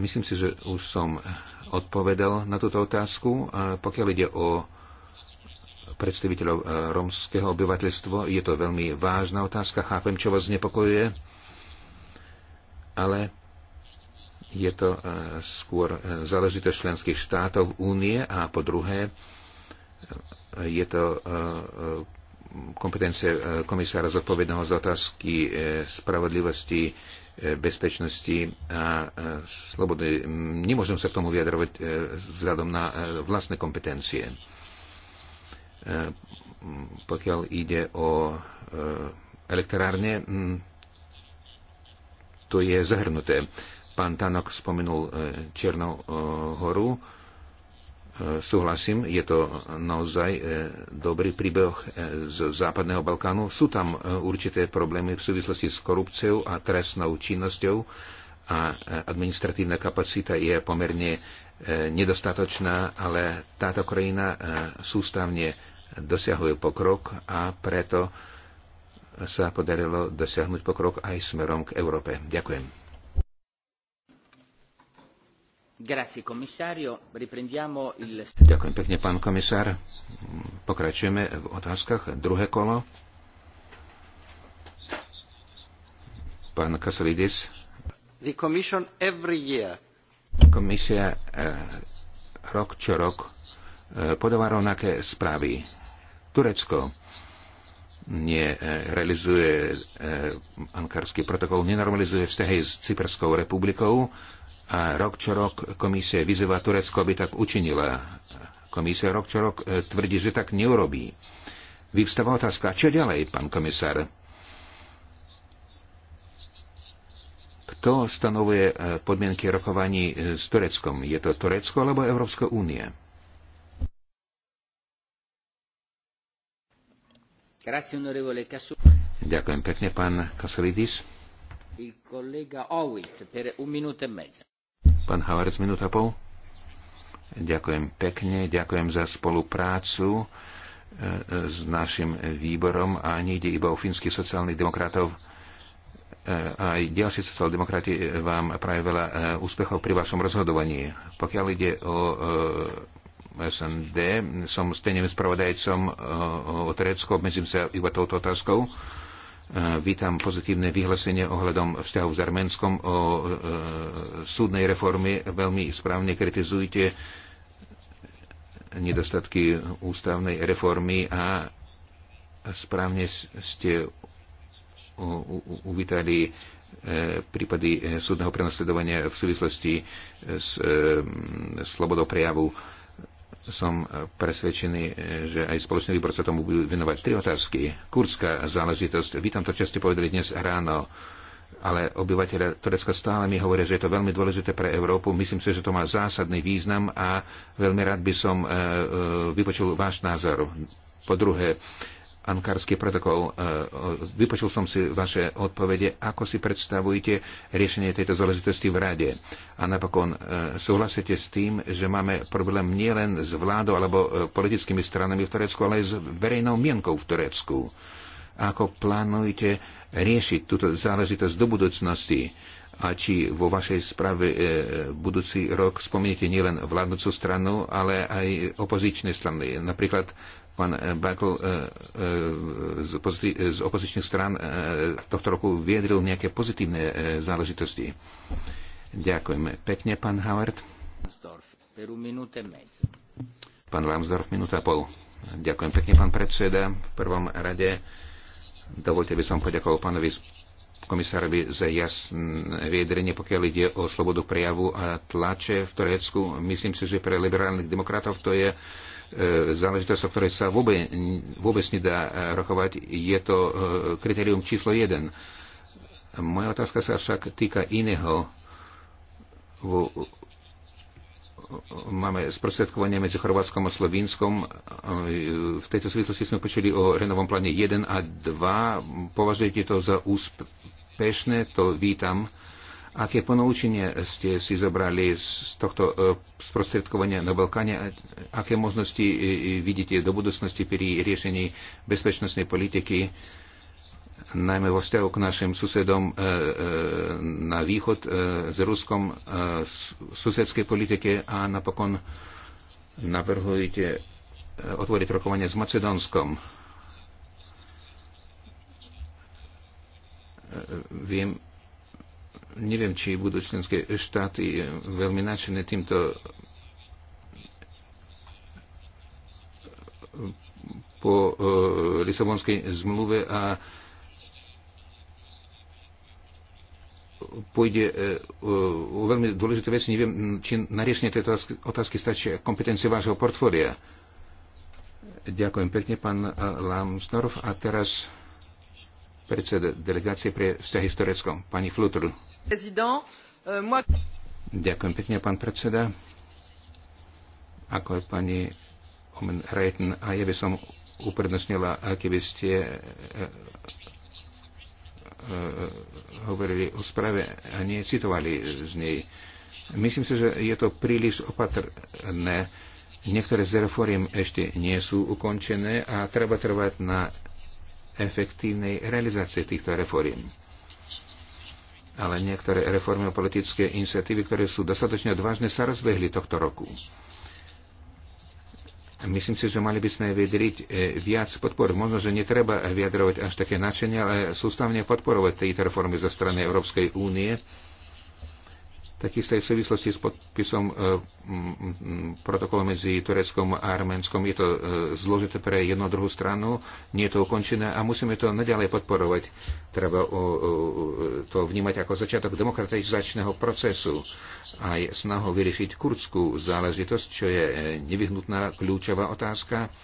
Myslím si, že už som odpovedal na túto otázku. Pokiaľ ide o predstaviteľov e, romského obyvateľstva, je to veľmi vážna otázka. Chápem, čo vás znepokojuje, ale je to e, skôr e, záležitosť členských štátov únie a po druhé je to kompetencie e, komisára zodpovedného za otázky e, spravodlivosti, e, bezpečnosti a slobody. Nemôžem sa k tomu vyjadrovať vzhľadom na vlastné kompetencie. Pokiaľ ide o elektrárne, to je zahrnuté. Pán Tanok spomenul Černou horu súhlasím, je to naozaj e, dobrý príbeh e, z Západného Balkánu. Sú tam e, určité problémy v súvislosti s korupciou a trestnou činnosťou a administratívna kapacita je pomerne nedostatočná, ale táto krajina sústavne dosiahuje pokrok a preto sa podarilo dosiahnuť pokrok aj smerom k Európe. Ďakujem. Ďakujem pekne, pán komisár. Pokračujeme v otázkach. Druhé kolo. Pán Kasolidis. Komisia eh, rok čo rok eh, podáva rovnaké správy. Turecko nerealizuje eh, eh, ankarský protokol, nenormalizuje vzťahy s Cyperskou republikou, a rok čo rok komisia vyzýva Turecko, aby tak učinila. Komisia rok čo rok e, tvrdí, že tak neurobí. Vyvstáva otázka, čo ďalej, pán komisár? Kto stanovuje e, podmienky rokovaní e, s Tureckom? Je to Turecko alebo Európska únia? Ďakujem pekne, pán Kasolidis. Il collega Owit per un minuto e mezzo. Pán Havarec, minúta pol. Ďakujem pekne, ďakujem za spoluprácu e, s našim výborom a nejde iba o finských sociálnych demokratov. E, aj ďalší sociáldemokrati vám praje veľa e, úspechov pri vašom rozhodovaní. Pokiaľ ide o SND, som stejným spravodajcom o Terecku, obmedzím sa iba touto otázkou E, vítam pozitívne vyhlásenie ohľadom vzťahov s Arménskom o e, súdnej reformy, Veľmi správne kritizujte nedostatky ústavnej reformy a správne ste uvítali e, prípady súdneho prenasledovania v súvislosti s slobodou prejavu som e, presvedčený, e, že aj spoločný výbor sa tomu budú venovať. Tri otázky. Kurdská záležitosť. Vy tam to často povedali dnes ráno, ale obyvateľe Turecka stále mi hovoria, že je to veľmi dôležité pre Európu. Myslím si, že to má zásadný význam a veľmi rád by som e, vypočul váš názor. Po druhé, ankarský protokol. E, vypočul som si vaše odpovede, ako si predstavujete riešenie tejto záležitosti v Rade. A napokon e, súhlasíte s tým, že máme problém nielen s vládou alebo e, politickými stranami v Turecku, ale aj s verejnou mienkou v Turecku. Ako plánujete riešiť túto záležitosť do budúcnosti? a či vo vašej správe e, budúci rok spomeniete nielen vládnúcu stranu, ale aj opozičné strany. Napríklad Pán eh, Bakl eh, eh, z opozičných strán tohto roku viedril nejaké pozitívne záležitosti. Ďakujeme pekne, pán Howard. E pán Lambsdorff, minúta a pol. Ďakujem pekne, pán predseda. V prvom rade dovolte by som poďakoval pánovi komisárovi za jasné viedrenie, pokiaľ ide o slobodu prejavu a tlače v Turecku. Myslím si, že pre liberálnych demokratov to je E, záležitosť, o ktorej sa vôbec, vôbec nedá e, rokovať, je to e, kritérium číslo 1. Moja otázka sa však týka iného. Máme sprostredkovanie medzi Chorvátskom a Slovinskom. V tejto súvislosti sme počuli o renovom pláne 1 a 2. Považujete to za úspešné? To vítam Aké ponaučenie ste si zobrali z tohto e, sprostredkovania na Balkáne? Aké možnosti e, e, vidíte do budúcnosti pri riešení bezpečnostnej politiky, najmä vo vzťahu k našim susedom na východ s Ruskom, susedskej politike a napokon navrhujete otvoriť rokovanie s Macedónskom. Viem, neviem, či budú členské štáty eh, veľmi nadšené týmto eh, po eh, Lisabonskej zmluve a pôjde o veľmi dôležité veci. Neviem, či na riešenie tejto otázky stačí kompetencie vášho portfólia. Ďakujem pekne, pán Lamsdorf. A teraz predseda delegácie pre vzťahy s Tureckom, pani Flutr. Eh, Ďakujem pekne, pán predseda. Ako je pani Omen Reitn, a ja by som uprednostnila, keby ste eh, eh, hovorili o správe a nie citovali z nej. Myslím si, že je to príliš opatrné. Niektoré z reforiem ešte nie sú ukončené a treba trvať na efektívnej realizácie týchto reforiem. Ale niektoré reformy a politické iniciatívy, ktoré sú dostatočne odvážne, sa rozbehli tohto roku. Myslím si, že mali by sme vydriť e, viac podpor. Možno, že netreba vyjadrovať až také nadšenie, ale sústavne podporovať tieto reformy zo strany Európskej únie Takisto aj v súvislosti s podpisom e, protokolu medzi Tureckom a Arménskom je to e, zložité pre jednu druhú stranu, nie je to ukončené a musíme to naďalej podporovať. Treba to vnímať ako začiatok demokratizačného procesu aj snahu vyriešiť kurdskú záležitosť, čo je e, nevyhnutná kľúčová otázka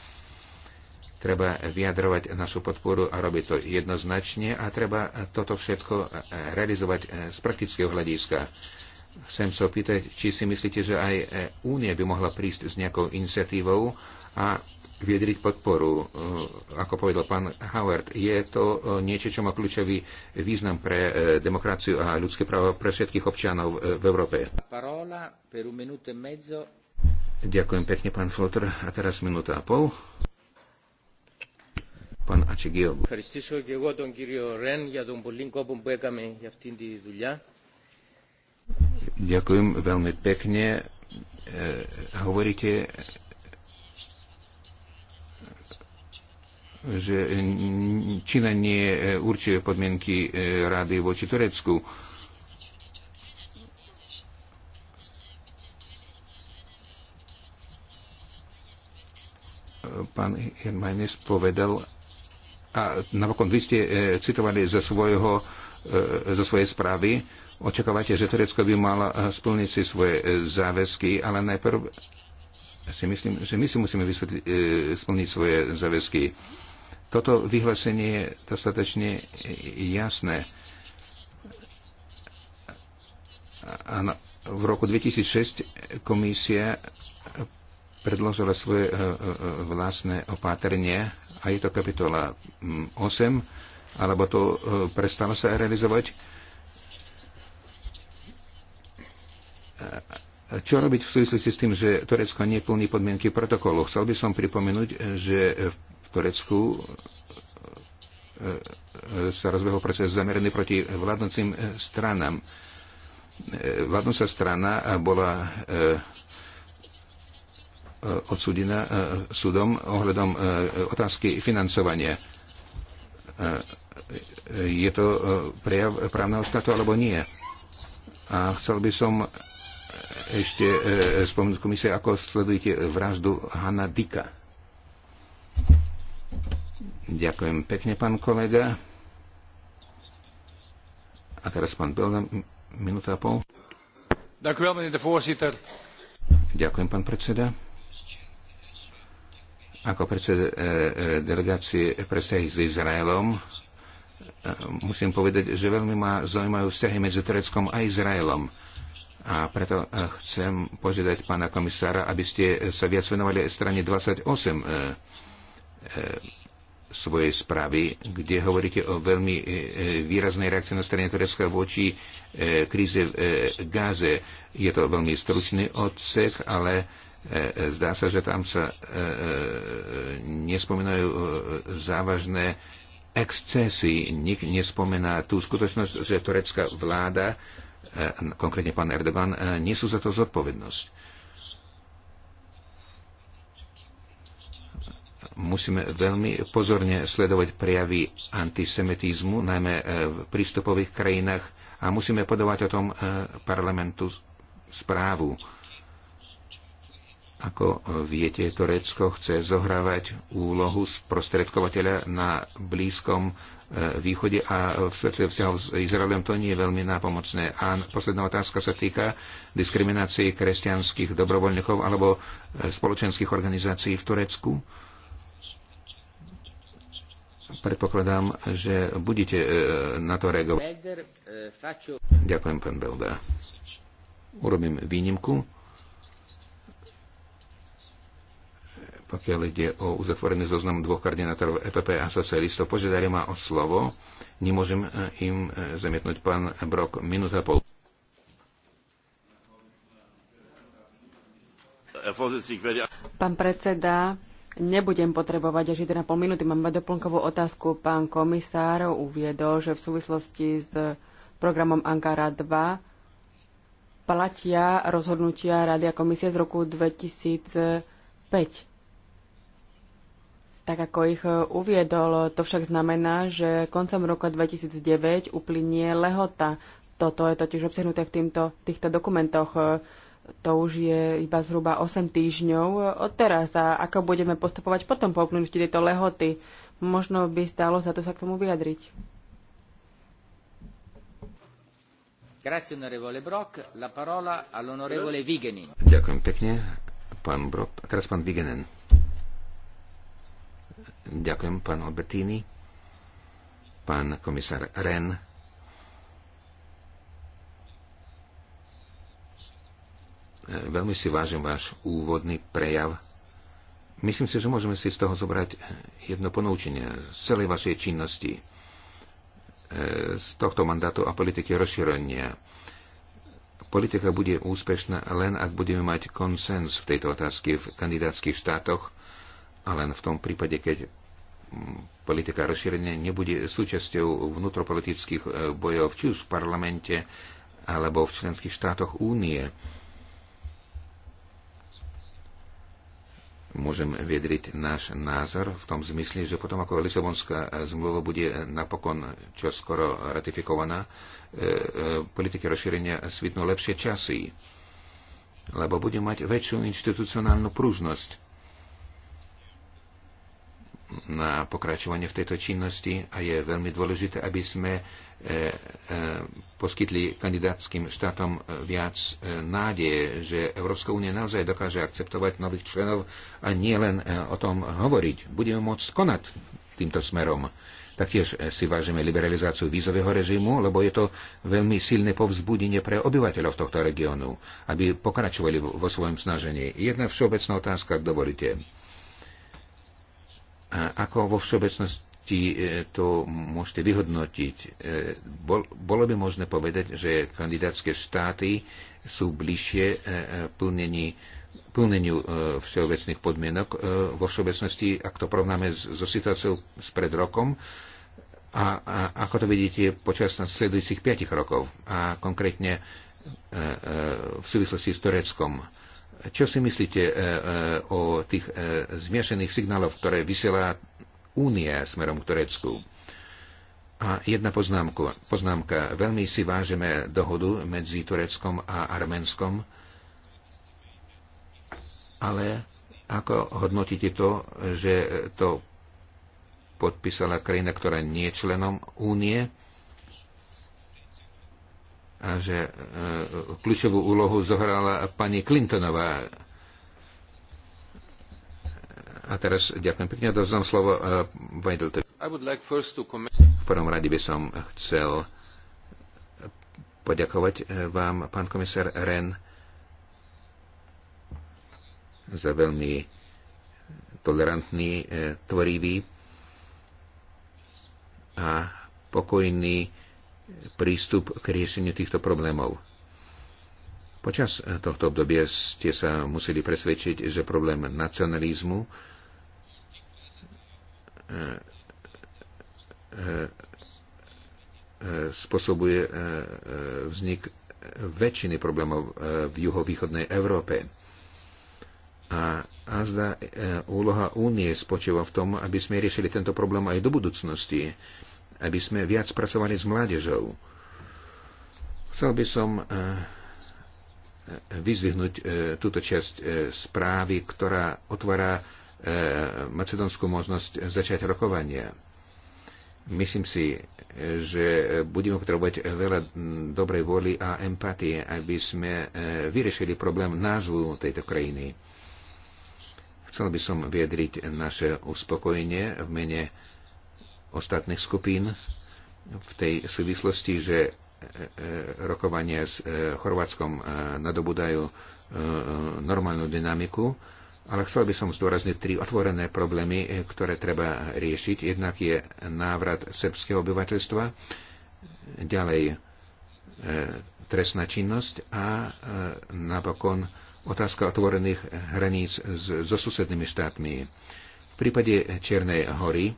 treba vyjadrovať našu podporu a robiť to jednoznačne a treba toto všetko realizovať z praktického hľadiska. Chcem sa opýtať, či si myslíte, že aj Únia by mohla prísť s nejakou iniciatívou a viedriť podporu. E, ako povedal pán Howard, je to e, niečo, čo má kľúčový význam pre e, demokraciu a ľudské práva pre všetkých občanov v Európe. Ďakujem pekne, pán Flotter. A teraz minúta a pol. Pán Ačigiogu. Ďakujem pekne, pán τον A teraz minúta a pol. κόπο που Ďakujem veľmi pekne. E, Hovoríte, že Čína nie určuje podmienky e, rady voči Turecku. Pán Hermanis povedal, a napokon vy ste e, citovali zo, svojho, e, zo svojej správy, Očakávate, že Turecko by malo eh, splniť si svoje eh, záväzky, ale najprv si myslím, že my si musíme vysvetli, eh, splniť svoje záväzky. Toto vyhlásenie je dostatočne jasné. Áno, v roku 2006 komisia predložila svoje vlastné opatrenie a je to kapitola 8, mm, alebo to prestalo sa realizovať Čo robiť v súvislosti s tým, že Turecko neplní podmienky protokolu? Chcel by som pripomenúť, že v Turecku e, e, sa rozbehol proces zameraný proti vládnúcim e, stranám. Vládnúca strana bola odsudená súdom ohľadom otázky financovania. Je to prejav právneho štátu alebo nie? A chcel by som ešte e, spomenúť komisie, ako sledujete vraždu Hanna Dika. Ďakujem pekne, pán kolega. A teraz pán Belda, minúta a pol. Ďakujem, pán predseda. Ako predseda e, e, delegácie pre vzťahy s Izraelom e, musím povedať, že veľmi ma zaujímajú vzťahy medzi Tureckom a Izraelom. A preto e, chcem požiadať pána komisára, aby ste sa viac venovali strane 28 e, e, svojej správy, kde hovoríte o veľmi výraznej reakcii na strane Turecka voči kríze v Gáze. Je to veľmi stručný odsek, ale zdá sa, že tam sa nespomínajú závažné excesy. Nik nespomená tú skutočnosť, že turecká vláda E, konkrétne pán Erdogan, e, nesú za to zodpovednosť. musíme veľmi pozorne sledovať prejavy antisemitizmu, najmä e, v prístupových krajinách a musíme podávať o tom parlamentu správu. Ako viete, Turecko chce zohrávať úlohu sprostredkovateľa na Blízkom východe a v svetle vzťahov s Izraelom to nie je veľmi nápomocné. A posledná otázka sa týka diskriminácie kresťanských dobrovoľníkov alebo e, spoločenských organizácií v Turecku. Predpokladám, že budete e, na to reagovať. Ďakujem, pán Belda. Urobím výnimku Pokiaľ ide o uzatvorený zoznam dvoch koordinátorov EPP a socialistov, požiadali ma o slovo. Nemôžem e, im e, zamietnúť pán Brok minúta a pol. Pán predseda, nebudem potrebovať až 1,5 minúty. Mám mať doplnkovú otázku. Pán komisár uviedol, že v súvislosti s programom Ankara 2 platia rozhodnutia Rady a komisie z roku 2005 tak ako ich e, uviedol. To však znamená, že koncom roka 2009 uplynie lehota. Toto je totiž obsahnuté v týmto, týchto dokumentoch. E, to už je iba zhruba 8 týždňov od teraz. A ako budeme postupovať potom po uplynutí tejto lehoty? Možno by stálo za to sa k tomu vyjadriť. Ďakujem pekne, pán Brok. A teraz pán Vigenen. Ďakujem, pán Albertini, pán komisár Ren. E, veľmi si vážim váš úvodný prejav. Myslím si, že môžeme si z toho zobrať jedno ponúčenie z celej vašej činnosti, e, z tohto mandátu a politiky rozšírenia. Politika bude úspešná len, ak budeme mať konsens v tejto otázke v kandidátskych štátoch a len v tom prípade, keď politika rozšírenia nebude súčasťou vnútropolitických e, bojov či už v parlamente alebo v členských štátoch únie. Môžem vedriť náš názor v tom zmysle, že potom ako Lisabonská e, zmluva bude napokon čo skoro ratifikovaná, e, politiky rozšírenia svitnú lepšie časy, lebo bude mať väčšiu institucionálnu pružnosť na pokračovanie v tejto činnosti a je veľmi dôležité, aby sme e, e, poskytli kandidátským štátom e, viac nádeje, že Európska únia naozaj dokáže akceptovať nových členov a nie len o tom hovoriť. Budeme môcť konať týmto smerom. Taktiež si vážime liberalizáciu vízového režimu, lebo je to veľmi silné povzbudenie pre obyvateľov tohto regiónu, aby pokračovali vo svojom snažení. Jedna všeobecná otázka, ak dovolíte. A ako vo všeobecnosti e, to môžete vyhodnotiť? E, bolo by možné povedať, že kandidátske štáty sú bližšie e, plnení plneniu všeobecných podmienok vo všeobecnosti, ak to porovnáme so situáciou spred rokom, a, a ako to vidíte počas nasledujúcich 5 rokov a konkrétne a, a, v súvislosti s Tureckom. Čo si myslíte e, e, o tých e, zmiešených signáloch, ktoré vysiela Únia smerom k Turecku? A jedna poznámka. poznámka. Veľmi si vážime dohodu medzi Tureckom a Arménskom, ale ako hodnotíte to, že to podpísala krajina, ktorá nie je členom únie a že e, kľúčovú úlohu zohrala pani Clintonová. A teraz ďakujem pekne a doznam slovo Vajdeltovi. E, v prvom rade by som chcel poďakovať e, vám, pán komisár Ren, za veľmi tolerantný, tvorivý a pokojný prístup k riešeniu týchto problémov. Počas tohto obdobia ste sa museli presvedčiť, že problém nacionalizmu e, e, e, spôsobuje vznik väčšiny problémov v juhovýchodnej Európe. A azda úloha únie spočíva v tom, aby sme riešili tento problém aj do budúcnosti aby sme viac pracovali s mládežou. Chcel by som eh, eh, vyzvihnúť eh, túto časť správy, ktorá otvára macedonskú možnosť začať rokovania. Myslím si, že budeme potrebovať veľa mm, dobrej vôly a empatie, aby sme vyriešili problém názvu tejto krajiny. Chcel by som vyjadriť naše uspokojenie v mene ostatných skupín v tej súvislosti, že e, e, rokovania s e, Chorvátskom nadobudajú normálnu dynamiku, ale chcel by som zdôrazniť tri otvorené problémy, ktoré treba riešiť. Jednak je návrat srbského obyvateľstva, ďalej trestná činnosť a napokon otázka otvorených hraníc so susednými štátmi. V prípade Čiernej hory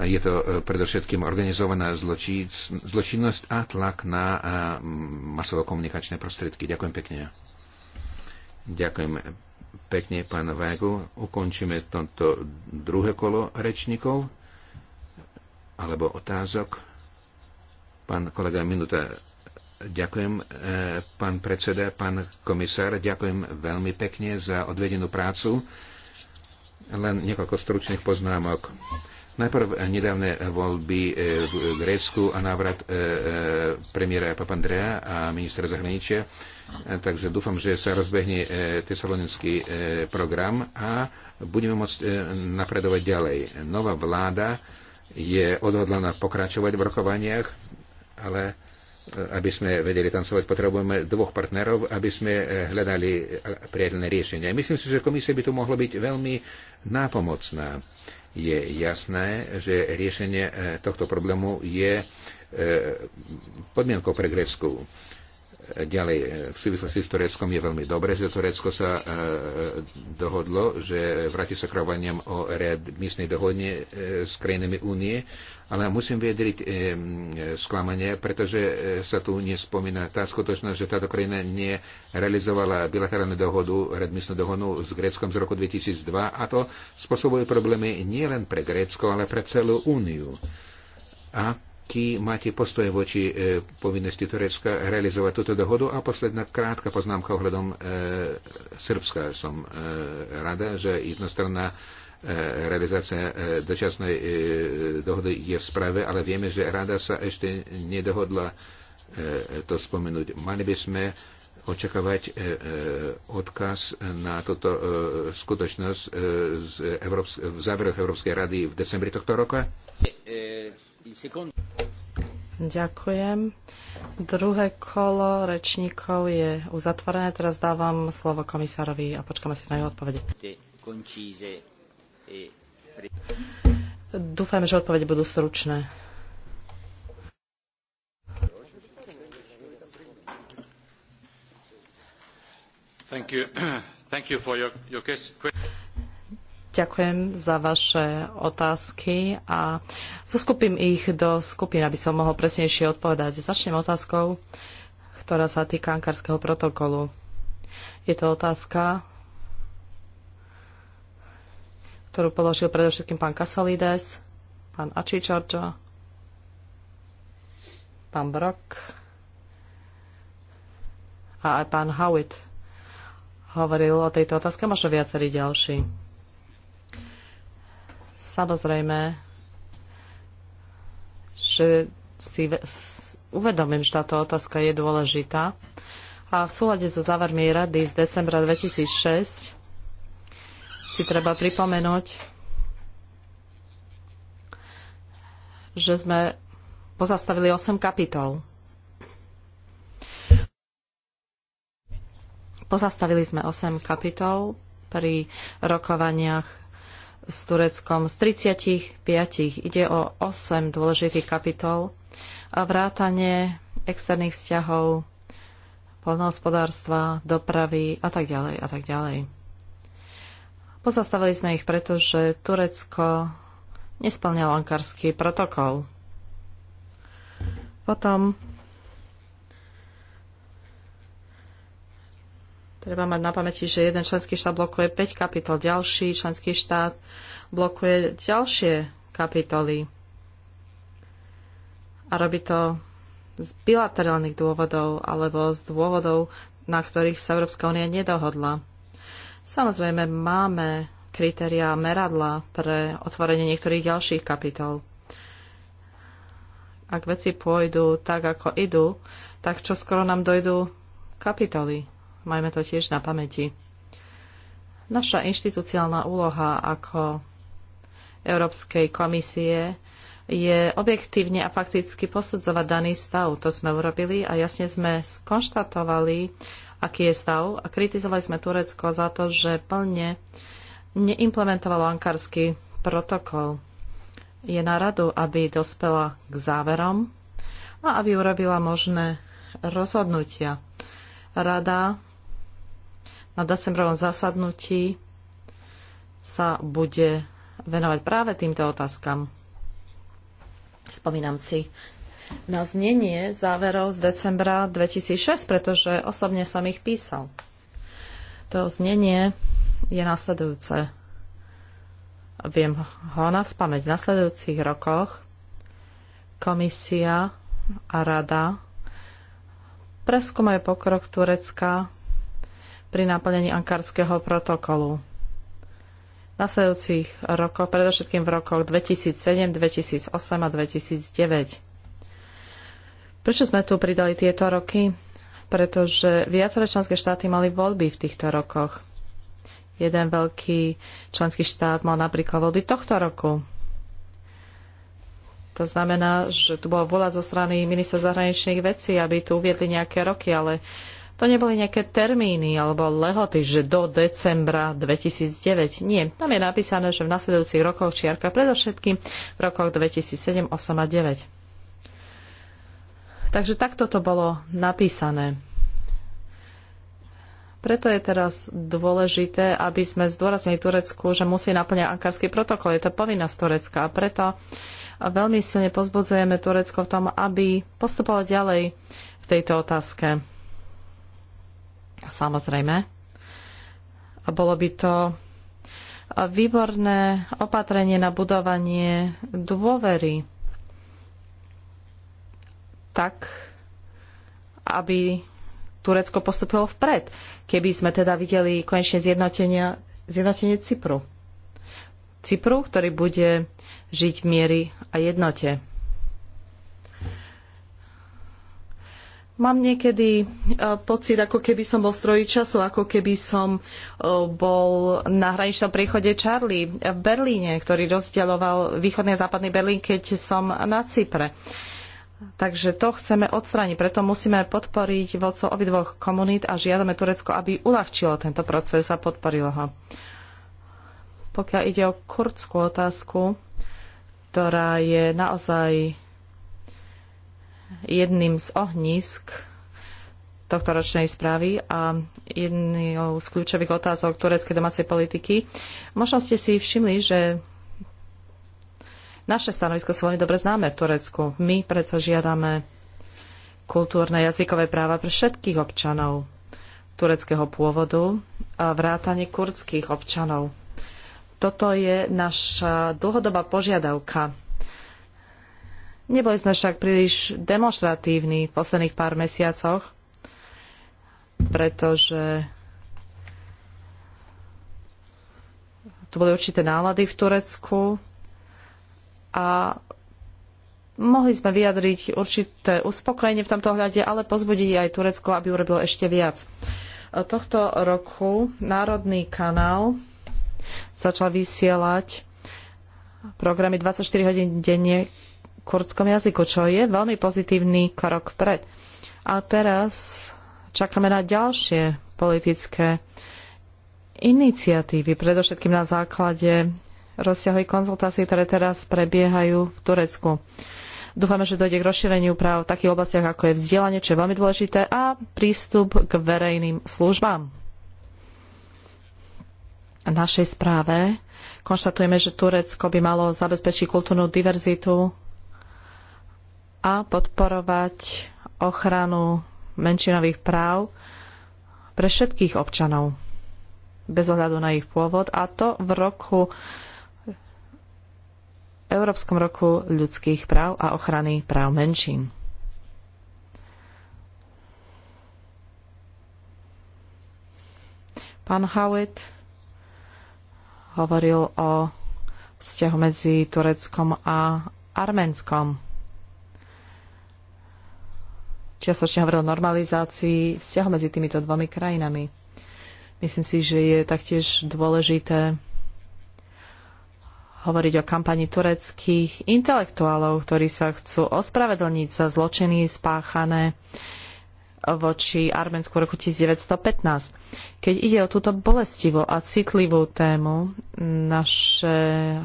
Je to e, predovšetkým organizovaná zločinnosť a tlak na e, masovo-komunikačné prostriedky. Ďakujem pekne. Ďakujem pekne, pán Vágu. Ukončíme toto druhé kolo rečníkov alebo otázok. Pán kolega, minúta. Ďakujem, e, pán predseda, pán komisár. Ďakujem veľmi pekne za odvedenú prácu. Len niekoľko stručných poznámok Najprv eh, nedávne eh, voľby eh, v Grécku a návrat premiéra Papandrea a ministra zahraničia. Takže dúfam, že sa rozbehne tesalonický program a budeme môcť napredovať ďalej. Nová vláda je odhodlaná pokračovať v rokovaniach, ale aby sme vedeli tancovať, potrebujeme dvoch partnerov, aby sme hľadali priateľné riešenia. Myslím si, že komisia by tu mohla byť veľmi nápomocná. Je jasné, že riešenie eh, tohto problému je eh, podmienkou pre Grécku. Ďalej, e, v súvislosti s Tureckom je veľmi dobré, že Turecko sa e, dohodlo, že vráti sa k rovaniam o readmisnej dohodne e, s krajinami únie, ale musím vyjadriť e, e sklamanie, pretože e, sa tu nespomína tá skutočnosť, že táto krajina nerealizovala bilaterálnu dohodu, readmisnú dohodu s Gréckom z roku 2002 a to spôsobuje problémy nielen pre Grécko, ale pre celú úniu. A aký máte postoj voči e, povinnosti Turecka realizovať túto dohodu? A posledná krátka poznámka ohľadom e, Srbska. Som e, rada, že jednostranná e, realizácia e, dočasnej e, dohody je v správe, ale vieme, že rada sa ešte nedohodla to spomenúť. Mali by sme očakávať odkaz na túto skutočnosť v záveroch Európskej rady v decembri tohto roka? Ďakujem. Druhé kolo rečníkov je uzatvorené. Teraz dávam slovo komisárovi a počkáme si na jeho odpovede. Dúfam, že odpovede budú stručné. Thank you. [clears throat] Thank you your, your Ďakujem za vaše otázky a zoskupím ich do skupín, aby som mohol presnejšie odpovedať. Začnem otázkou, ktorá sa týka ankarského protokolu. Je to otázka, ktorú položil predovšetkým pán Kasalides, pán Ači pán Brok a aj pán Howitt hovoril o tejto otázke, možno viacerí ďalší. Samozrejme, že si uvedomím, že táto otázka je dôležitá. A v súlade so závermi rady z decembra 2006 si treba pripomenúť, že sme pozastavili 8 kapitol. Pozastavili sme 8 kapitol pri rokovaniach s Tureckom z 35. Ide o 8 dôležitých kapitol a vrátanie externých vzťahov, poľnohospodárstva, dopravy a tak ďalej a tak ďalej. Pozastavili sme ich, pretože Turecko nesplňalo ankarský protokol. Potom Treba mať na pamäti, že jeden členský štát blokuje 5 kapitol, ďalší členský štát blokuje ďalšie kapitoly. A robí to z bilaterálnych dôvodov alebo z dôvodov, na ktorých sa Európska únia nedohodla. Samozrejme, máme kritéria meradla pre otvorenie niektorých ďalších kapitol. Ak veci pôjdu tak, ako idú, tak čo skoro nám dojdú kapitoly Majme to tiež na pamäti. Naša inštitúciálna úloha ako Európskej komisie je objektívne a fakticky posudzovať daný stav. To sme urobili a jasne sme skonštatovali, aký je stav a kritizovali sme Turecko za to, že plne neimplementovalo ankarský protokol. Je na radu, aby dospela k záverom a aby urobila možné rozhodnutia. Rada na decembrovom zasadnutí sa bude venovať práve týmto otázkam. Spomínam si na znenie záverov z decembra 2006, pretože osobne som ich písal. To znenie je nasledujúce. Viem ho na spameť. V nasledujúcich rokoch komisia a rada preskúmajú pokrok Turecka pri náplnení ankarského protokolu. V nasledujúcich rokoch, predovšetkým v rokoch 2007, 2008 a 2009. Prečo sme tu pridali tieto roky? Pretože viaceré členské štáty mali voľby v týchto rokoch. Jeden veľký členský štát mal napríklad voľby tohto roku. To znamená, že tu bola vôľa zo strany ministra zahraničných vecí, aby tu uviedli nejaké roky, ale to neboli nejaké termíny alebo lehoty, že do decembra 2009. Nie, tam je napísané, že v nasledujúcich rokoch čiarka predovšetkým v rokoch 2007, 8 a 9. Takže takto to bolo napísané. Preto je teraz dôležité, aby sme zdôraznili Turecku, že musí naplňať ankarský protokol. Je to povinnosť Turecka. A preto veľmi silne pozbudzujeme Turecko v tom, aby postupovalo ďalej v tejto otázke. Samozrejme. Bolo by to výborné opatrenie na budovanie dôvery. Tak, aby Turecko postupilo vpred, keby sme teda videli konečne zjednotenie Cypru. Cypru, ktorý bude žiť v miery a jednote. Mám niekedy e, pocit, ako keby som bol v stroji času, ako keby som e, bol na hraničnom príchode Charlie v Berlíne, ktorý rozdieloval východný a západný Berlín, keď som na Cypre. Takže to chceme odstrániť, preto musíme podporiť vodcov obidvoch komunít a žiadame Turecko, aby uľahčilo tento proces a podporilo ho. Pokiaľ ide o kurdskú otázku, ktorá je naozaj jedným z ohnísk tohto ročnej správy a jednou z kľúčových otázok tureckej domácej politiky. Možno ste si všimli, že naše stanovisko sú veľmi dobre známe v Turecku. My predsa žiadame kultúrne jazykové práva pre všetkých občanov tureckého pôvodu a vrátanie kurdských občanov. Toto je naša dlhodobá požiadavka Neboli sme však príliš demonstratívni v posledných pár mesiacoch, pretože tu boli určité nálady v Turecku a mohli sme vyjadriť určité uspokojenie v tomto ohľade, ale pozbudiť aj Turecko, aby urobilo ešte viac. Tohto roku Národný kanál začal vysielať programy 24 hodín denne kurdskom jazyku, čo je veľmi pozitívny krok pred. A teraz čakáme na ďalšie politické iniciatívy, predovšetkým na základe rozsiahlej konzultácií, ktoré teraz prebiehajú v Turecku. Dúfame, že dojde k rozšíreniu práv v takých oblastiach, ako je vzdelanie, čo je veľmi dôležité, a prístup k verejným službám. V našej správe konštatujeme, že Turecko by malo zabezpečiť kultúrnu diverzitu a podporovať ochranu menšinových práv pre všetkých občanov bez ohľadu na ich pôvod a to v roku Európskom roku ľudských práv a ochrany práv menšín. Pán Howitt hovoril o vzťahu medzi Tureckom a Arménskom čiastočne hovoril o normalizácii vzťahu medzi týmito dvomi krajinami. Myslím si, že je taktiež dôležité hovoriť o kampani tureckých intelektuálov, ktorí sa chcú ospravedlniť za zločiny spáchané voči Arménsku v roku 1915. Keď ide o túto bolestivú a citlivú tému, naše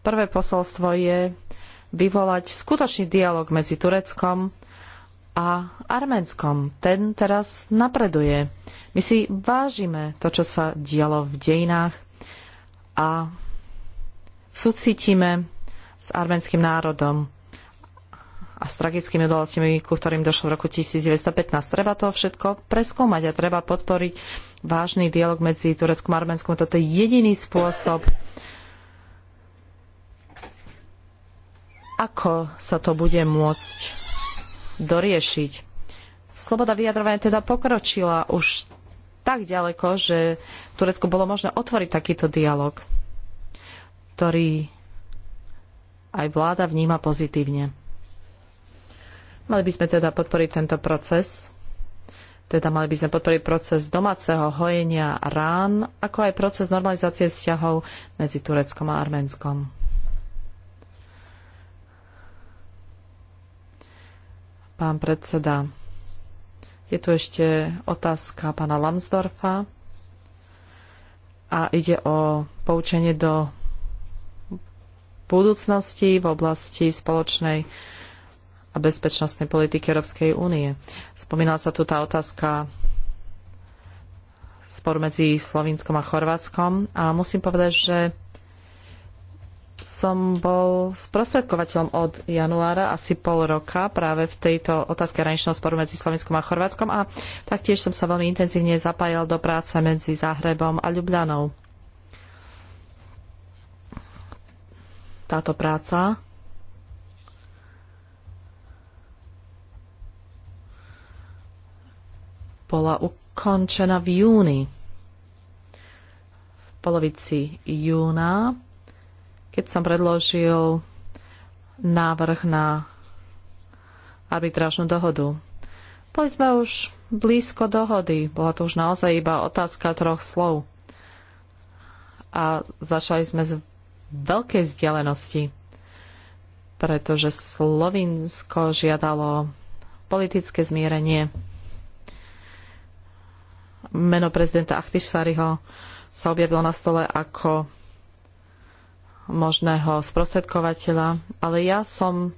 prvé posolstvo je vyvolať skutočný dialog medzi Tureckom a Arménskom. Ten teraz napreduje. My si vážime to, čo sa dialo v dejinách a súcitíme s arménskym národom a s tragickými udalostiami, ku ktorým došlo v roku 1915. Treba to všetko preskúmať a treba podporiť vážny dialog medzi Tureckom a Arménskom. Toto je jediný spôsob, ako sa to bude môcť doriešiť. Sloboda vyjadrovania teda pokročila už tak ďaleko, že v Turecku bolo možné otvoriť takýto dialog, ktorý aj vláda vníma pozitívne. Mali by sme teda podporiť tento proces, teda mali by sme podporiť proces domáceho hojenia rán, ako aj proces normalizácie vzťahov medzi Tureckom a Arménskom. Pán predseda, je tu ešte otázka pána Lambsdorfa a ide o poučenie do budúcnosti v oblasti spoločnej a bezpečnostnej politiky Európskej únie. Spomínala sa tu tá otázka spor medzi Slovinskom a Chorvátskom a musím povedať, že som bol sprostredkovateľom od januára asi pol roka práve v tejto otázke hraničného sporu medzi Slovenskom a Chorvátskom a taktiež som sa veľmi intenzívne zapájal do práce medzi Záhrebom a Ljubljanou. Táto práca bola ukončená v júni. V polovici júna keď som predložil návrh na arbitrážnu dohodu. Boli sme už blízko dohody, bola to už naozaj iba otázka troch slov. A začali sme z veľkej vzdialenosti, pretože Slovinsko žiadalo politické zmierenie. Meno prezidenta Achtisariho sa objavilo na stole ako možného sprostredkovateľa, ale ja som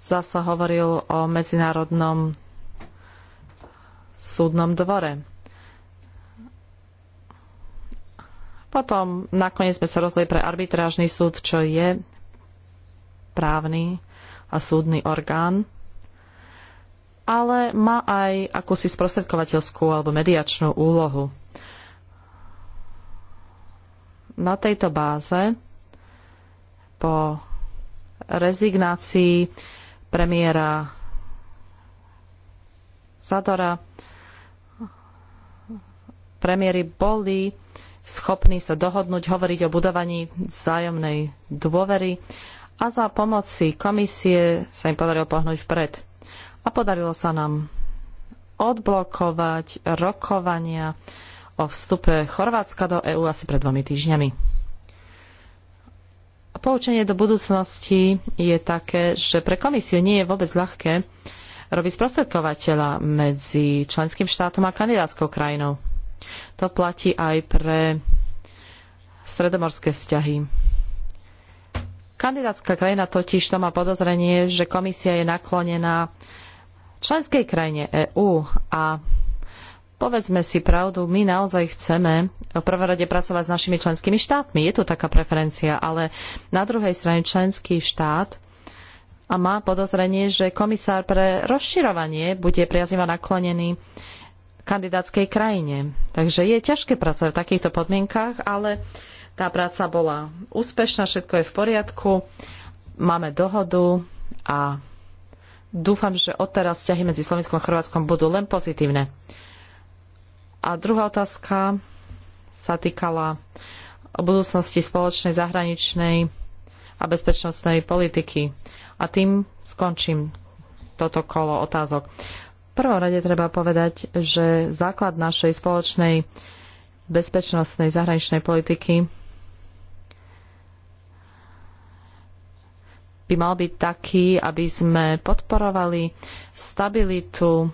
zasa hovoril o Medzinárodnom súdnom dvore. Potom nakoniec sme sa rozhodli pre arbitrážny súd, čo je právny a súdny orgán, ale má aj akúsi sprostredkovateľskú alebo mediačnú úlohu. Na tejto báze po rezignácii premiéra Zadora premiéry boli schopní sa dohodnúť, hovoriť o budovaní vzájomnej dôvery a za pomoci komisie sa im podarilo pohnúť vpred. A podarilo sa nám odblokovať rokovania o vstupe Chorvátska do EÚ asi pred dvomi týždňami poučenie do budúcnosti je také, že pre komisiu nie je vôbec ľahké robiť sprostredkovateľa medzi členským štátom a kandidátskou krajinou. To platí aj pre stredomorské vzťahy. Kandidátska krajina totiž to má podozrenie, že komisia je naklonená členskej krajine EÚ a povedzme si pravdu, my naozaj chceme v prvom rade pracovať s našimi členskými štátmi. Je tu taká preferencia, ale na druhej strane členský štát a má podozrenie, že komisár pre rozširovanie bude priaznivo naklonený kandidátskej krajine. Takže je ťažké pracovať v takýchto podmienkach, ale tá práca bola úspešná, všetko je v poriadku, máme dohodu a dúfam, že odteraz vzťahy medzi Slovenskom a Chorvátskom budú len pozitívne. A druhá otázka sa týkala budúcnosti spoločnej zahraničnej a bezpečnostnej politiky. A tým skončím toto kolo otázok. V prvom rade treba povedať, že základ našej spoločnej bezpečnostnej zahraničnej politiky by mal byť taký, aby sme podporovali stabilitu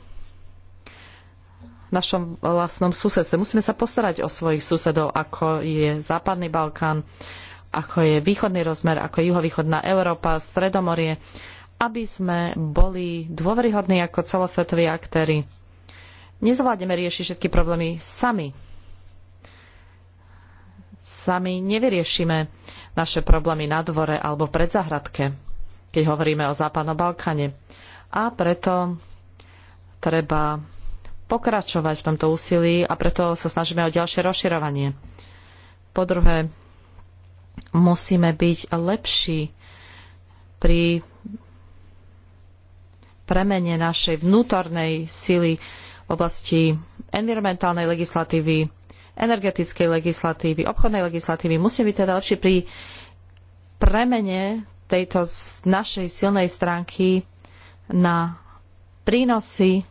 našom vlastnom susedstve. Musíme sa postarať o svojich susedov, ako je Západný Balkán, ako je východný rozmer, ako je juhovýchodná Európa, Stredomorie, aby sme boli dôveryhodní ako celosvetoví aktéry. Nezvládneme riešiť všetky problémy sami. Sami nevyriešime naše problémy na dvore alebo v predzahradke, keď hovoríme o Západnom Balkáne. A preto treba pokračovať v tomto úsilí a preto sa snažíme o ďalšie rozširovanie. Po druhé, musíme byť lepší pri premene našej vnútornej sily v oblasti environmentálnej legislatívy, energetickej legislatívy, obchodnej legislatívy. Musíme byť teda lepší pri premene tejto našej silnej stránky na prínosy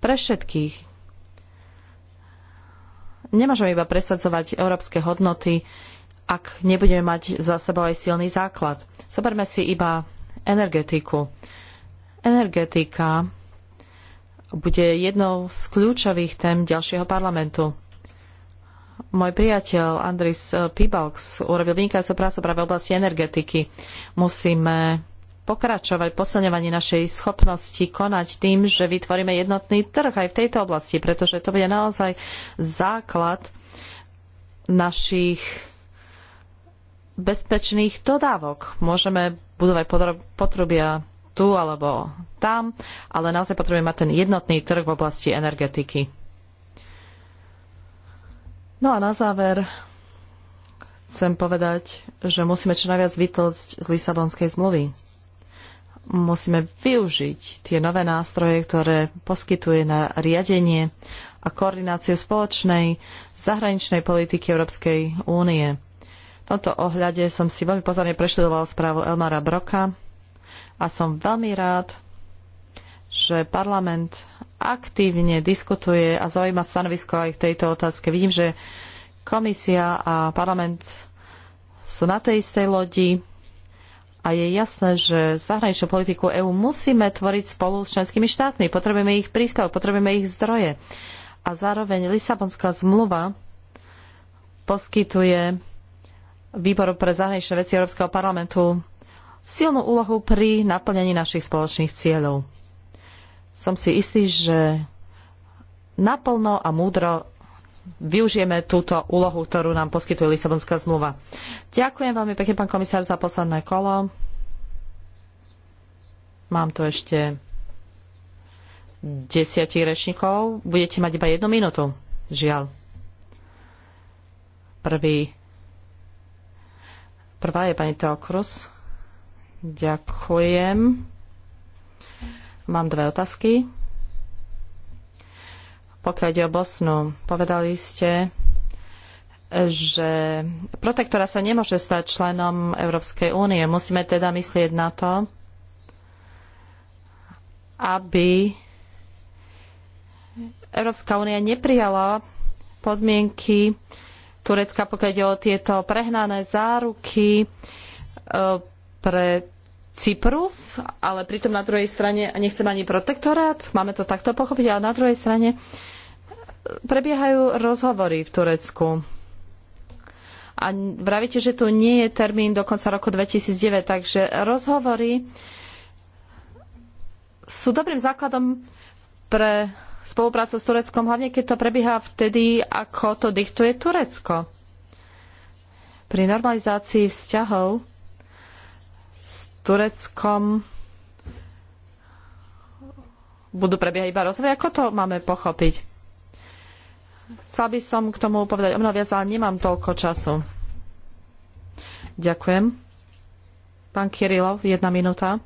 pre všetkých. Nemôžeme iba presadzovať európske hodnoty, ak nebudeme mať za sebou aj silný základ. Zoberme si iba energetiku. Energetika bude jednou z kľúčových tém ďalšieho parlamentu môj priateľ Andris Pibalks urobil vynikajúcu prácu práve v oblasti energetiky. Musíme pokračovať v posilňovaní našej schopnosti konať tým, že vytvoríme jednotný trh aj v tejto oblasti, pretože to bude naozaj základ našich bezpečných dodávok. Môžeme budovať potrubia tu alebo tam, ale naozaj potrebujeme mať ten jednotný trh v oblasti energetiky. No a na záver chcem povedať, že musíme čo najviac vytlcť z Lisabonskej zmluvy musíme využiť tie nové nástroje, ktoré poskytuje na riadenie a koordináciu spoločnej zahraničnej politiky Európskej únie. V tomto ohľade som si veľmi pozorne preštudoval správu Elmara Broka a som veľmi rád, že parlament aktívne diskutuje a zaujíma stanovisko aj k tejto otázke. Vidím, že komisia a parlament sú na tej istej lodi a je jasné, že zahraničnú politiku EÚ musíme tvoriť spolu s členskými štátmi. Potrebujeme ich príspevok, potrebujeme ich zdroje. A zároveň Lisabonská zmluva poskytuje Výboru pre zahraničné veci Európskeho parlamentu silnú úlohu pri naplnení našich spoločných cieľov. Som si istý, že naplno a múdro využijeme túto úlohu, ktorú nám poskytuje Lisabonská zmluva. Ďakujem veľmi pekne, pán komisár, za posledné kolo. Mám tu ešte desiatich rečníkov. Budete mať iba jednu minútu. Žiaľ. Prvý. Prvá je pani Teokrus. Ďakujem. Mám dve otázky pokiaľ ide o Bosnu. Povedali ste, že protektora sa nemôže stať členom Európskej únie. Musíme teda myslieť na to, aby Európska únia neprijala podmienky Turecka, pokiaľ ide o tieto prehnané záruky e, pre Cyprus, ale pritom na druhej strane nechcem ani protektorát, máme to takto pochopiť, ale na druhej strane prebiehajú rozhovory v Turecku. A vravíte, že tu nie je termín do konca roku 2009, takže rozhovory sú dobrým základom pre spoluprácu s Tureckom, hlavne keď to prebieha vtedy, ako to diktuje Turecko. Pri normalizácii vzťahov s Tureckom budú prebiehať iba rozhovory. Ako to máme pochopiť? Chcela by som k tomu povedať o mnoho viac, ale nemám toľko času. Ďakujem. Pán Kirilov, jedna minúta.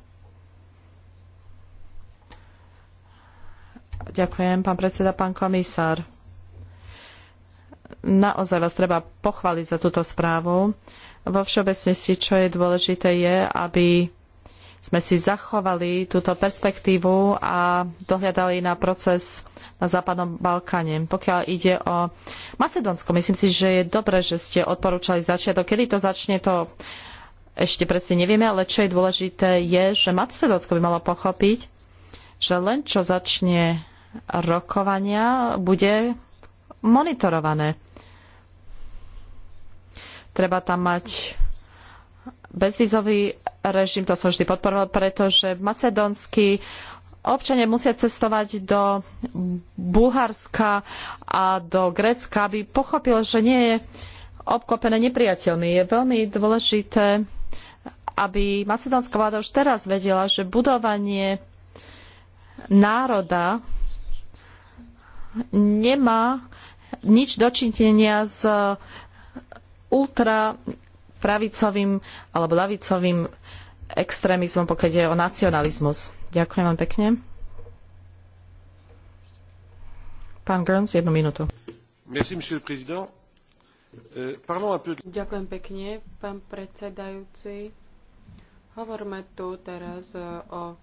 Ďakujem, pán predseda, pán komisár. Naozaj vás treba pochváliť za túto správu. Vo všeobecnosti, čo je dôležité, je, aby sme si zachovali túto perspektívu a dohľadali na proces na Západnom Balkáne. Pokiaľ ide o Macedónsko, myslím si, že je dobré, že ste odporúčali začiatok. Kedy to začne, to ešte presne nevieme, ale čo je dôležité je, že Macedónsko by malo pochopiť, že len čo začne rokovania, bude monitorované. Treba tam mať bezvizový režim, to som vždy podporoval, pretože macedónsky občania musia cestovať do Bulharska a do Grécka, aby pochopil, že nie je obklopené nepriateľmi. Je veľmi dôležité, aby macedónska vláda už teraz vedela, že budovanie národa nemá nič dočinenia s ultra pravicovým alebo ľavicovým extrémizmom, pokiaľ ide o nacionalizmus. Ďakujem vám pekne. Pán Gerns, jednu minútu. Euh, Ďakujem pekne, pán predsedajúci. Hovorme tu teraz e, o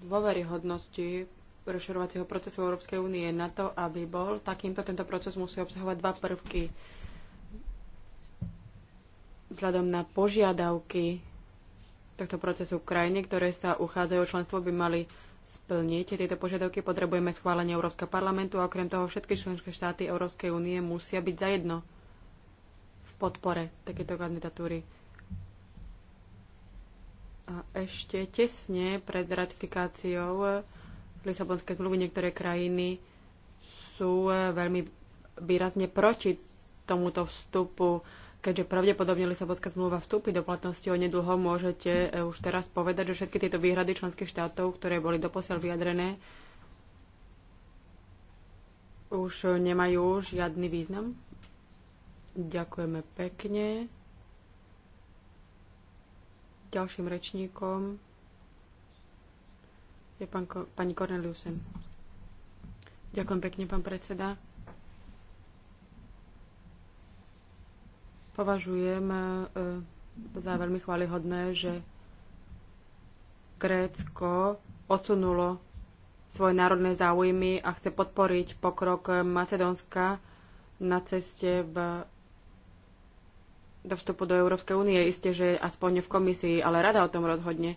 dôveryhodnosti rozširovacieho procesu Európskej únie na to, aby bol takýmto tento proces musí obsahovať dva prvky vzhľadom na požiadavky tohto procesu krajiny, ktoré sa uchádzajú o členstvo, by mali splniť. Tieto požiadavky potrebujeme schválenie Európskeho parlamentu a okrem toho všetky členské štáty Európskej únie musia byť zajedno v podpore takéto kandidatúry. A ešte tesne pred ratifikáciou Lisabonskej zmluvy niektoré krajiny sú veľmi výrazne proti tomuto vstupu keďže pravdepodobne Lisabonská zmluva vstúpi do platnosti o nedlho, môžete e, už teraz povedať, že všetky tieto výhrady členských štátov, ktoré boli doposiaľ vyjadrené, už nemajú žiadny význam? Ďakujeme pekne. Ďalším rečníkom je pán, pani Corneliusen. Ďakujem pekne, pán predseda. Považujem e, za veľmi chválihodné, že Grécko odsunulo svoje národné záujmy a chce podporiť pokrok Macedónska na ceste v, do vstupu do Európskej únie. Isté, že aspoň v komisii, ale rada o tom rozhodne.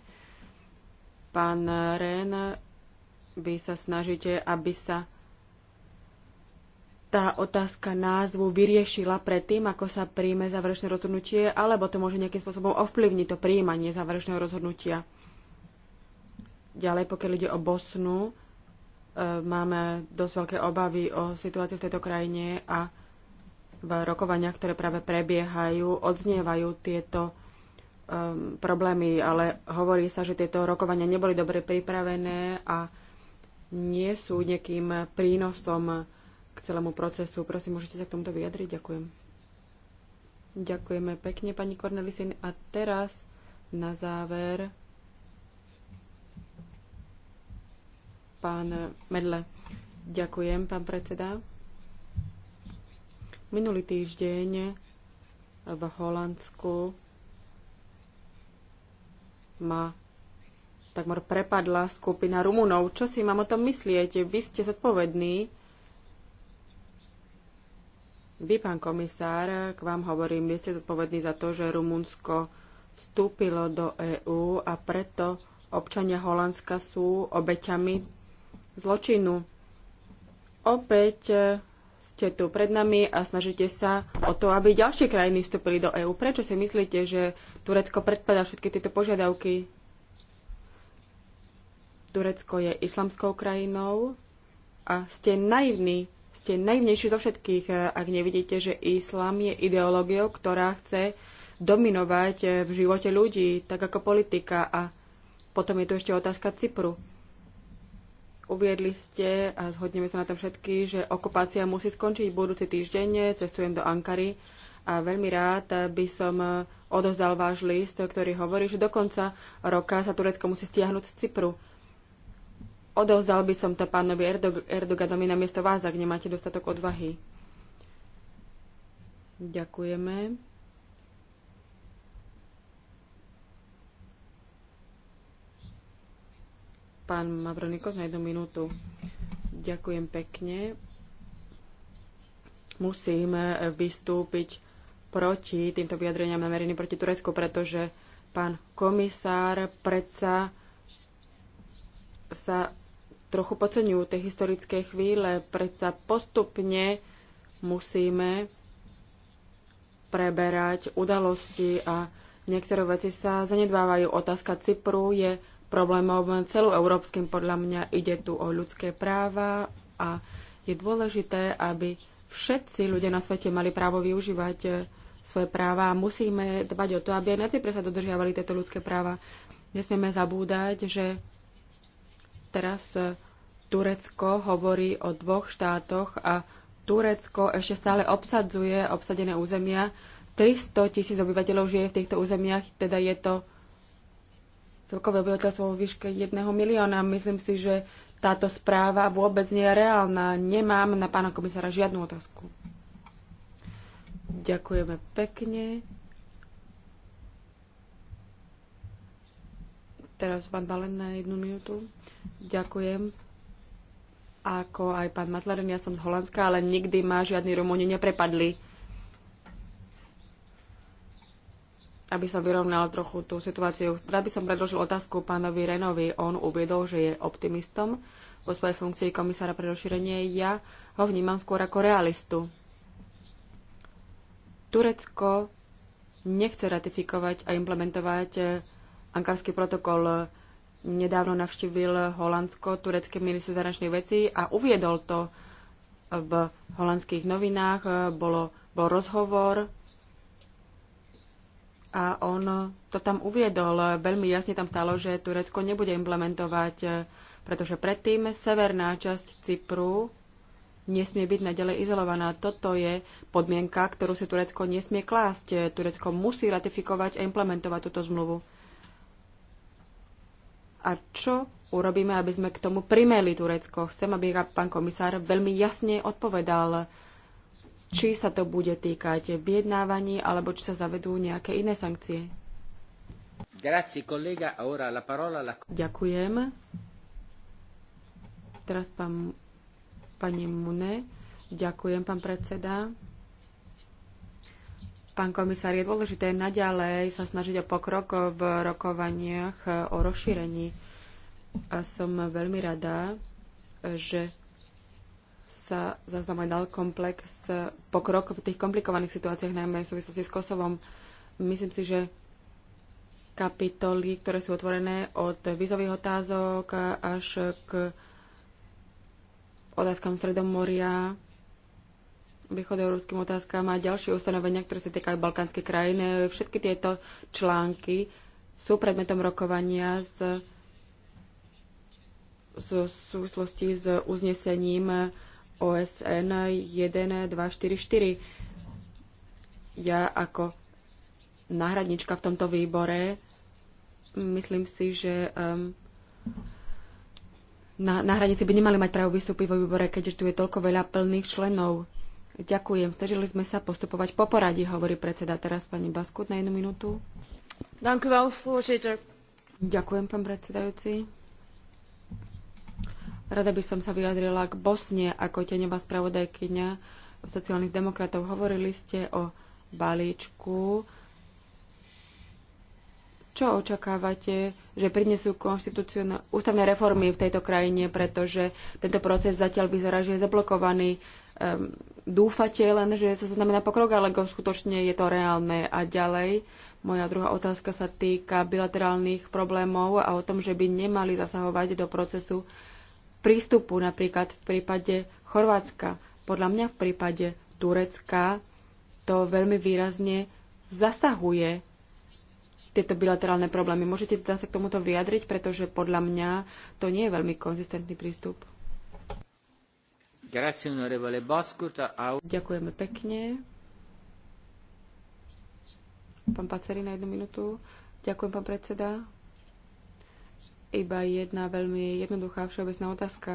Pán Ren, vy sa snažíte, aby sa tá otázka názvu vyriešila predtým, ako sa príjme záverečné rozhodnutie, alebo to môže nejakým spôsobom ovplyvniť to príjmanie záverečného rozhodnutia. Ďalej, pokiaľ ide o Bosnu, e, máme dosť veľké obavy o situáciu v tejto krajine a v rokovaniach, ktoré práve prebiehajú, odznievajú tieto um, problémy, ale hovorí sa, že tieto rokovania neboli dobre pripravené a nie sú nejakým prínosom k celému procesu. Prosím, môžete sa k tomuto vyjadriť? Ďakujem. Ďakujeme pekne, pani Kornelisin. A teraz na záver pán Medle. Ďakujem, pán predseda. Minulý týždeň v Holandsku ma takmer prepadla skupina Rumunov. Čo si mám o tom myslieť? Vy ste zodpovední vy, pán komisár, k vám hovorím, vy ste zodpovední za to, že Rumunsko vstúpilo do EÚ a preto občania Holandska sú obeťami zločinu. Opäť ste tu pred nami a snažíte sa o to, aby ďalšie krajiny vstúpili do EÚ. Prečo si myslíte, že Turecko predpadá všetky tieto požiadavky? Turecko je islamskou krajinou a ste naivní ste najvnejší zo všetkých, eh, ak nevidíte, že islám je ideológiou, ktorá chce dominovať eh, v živote ľudí, tak ako politika. A potom je tu ešte otázka Cypru. Uviedli ste, a zhodneme sa na to všetky, že okupácia musí skončiť budúci týždeň. Eh, cestujem do Ankary a veľmi rád by som odozdal váš list, ktorý hovorí, že do konca roka sa Turecko musí stiahnuť z Cypru. Odovzdal by som to pánovi Erdog- Erdoganovi na miesto vás, ak nemáte dostatok odvahy. Ďakujeme. Pán Mavronikos na jednu minútu. Ďakujem pekne. Musím eh, vystúpiť proti týmto vyjadreniam namereným proti Turecku, pretože pán komisár predsa sa trochu podceňujú tie historické chvíle. Predsa postupne musíme preberať udalosti a niektoré veci sa zanedbávajú. Otázka Cypru je problémom celoeurópskym. Podľa mňa ide tu o ľudské práva a je dôležité, aby všetci ľudia na svete mali právo využívať eh, svoje práva a musíme dbať o to, aby aj na Cypre sa dodržiavali tieto ľudské práva. Nesmieme zabúdať, že teraz eh, Turecko hovorí o dvoch štátoch a Turecko ešte stále obsadzuje obsadené územia. 300 tisíc obyvateľov žije v týchto územiach, teda je to celkové obyvateľstvo vo výške jedného milióna. Myslím si, že táto správa vôbec nie je reálna. Nemám na pána komisára žiadnu otázku. Ďakujeme pekne. Teraz pán Balen na jednu minútu. Ďakujem ako aj pán Matlaren, ja som z Holandska, ale nikdy ma žiadni Rumúni neprepadli. Aby som vyrovnal trochu tú situáciu, rád by som predložil otázku pánovi Renovi. On uviedol, že je optimistom vo svojej funkcii komisára pre rozšírenie. Ja ho vnímam skôr ako realistu. Turecko nechce ratifikovať a implementovať ankarský protokol nedávno navštívil Holandsko, turecké minister zahraničných vecí a uviedol to v holandských novinách. Bolo, bol rozhovor a on to tam uviedol. Veľmi jasne tam stalo, že Turecko nebude implementovať, pretože predtým severná časť Cypru nesmie byť nadalej izolovaná. Toto je podmienka, ktorú si Turecko nesmie klásť. Turecko musí ratifikovať a implementovať túto zmluvu a čo urobíme, aby sme k tomu primeli Turecko. Chcem, aby pán komisár veľmi jasne odpovedal, či sa to bude týkať vyjednávaní, alebo či sa zavedú nejaké iné sankcie. Grazie, kolega. Ora la parola la... Ďakujem. Teraz pán, pani Mune. Ďakujem, pán predseda. Pán komisár, je dôležité naďalej sa snažiť o pokrok v rokovaniach o rozšírení. A som veľmi rada, že sa zaznamenal komplex pokrok v tých komplikovaných situáciách, najmä v súvislosti s Kosovom. Myslím si, že kapitoly, ktoré sú otvorené od vízových otázok až k otázkam Stredomoria, východoeurópskym otázkam a ďalšie ustanovenia, ktoré sa týkajú balkánskej krajiny, Všetky tieto články sú predmetom rokovania z, z súvislosti s uznesením OSN 1244. Ja ako náhradnička v tomto výbore myslím si, že um, na, na hranici by nemali mať právo vystúpiť vo výbore, keďže tu je toľko veľa plných členov. Ďakujem. Snažili sme sa postupovať po poradí, hovorí predseda. Teraz pani Baskut na jednu minútu. Ďakujem, pán predsedajúci. Rada by som sa vyjadrila k Bosne ako teňová spravodajkyňa sociálnych demokratov. Hovorili ste o balíčku. Čo očakávate, že prinesú konštitúciálne ústavné reformy v tejto krajine, pretože tento proces zatiaľ vyzerá, že je zablokovaný. Ehm, dúfate len, že sa znamená pokrok, ale skutočne je to reálne. A ďalej, moja druhá otázka sa týka bilaterálnych problémov a o tom, že by nemali zasahovať do procesu prístupu napríklad v prípade Chorvátska. Podľa mňa v prípade Turecka to veľmi výrazne zasahuje tieto bilaterálne problémy. Môžete teda sa k tomuto vyjadriť, pretože podľa mňa to nie je veľmi konzistentný prístup. Ďakujeme pekne. Pán Paceri na jednu minútu. Ďakujem, pán predseda. Iba jedna veľmi jednoduchá všeobecná otázka.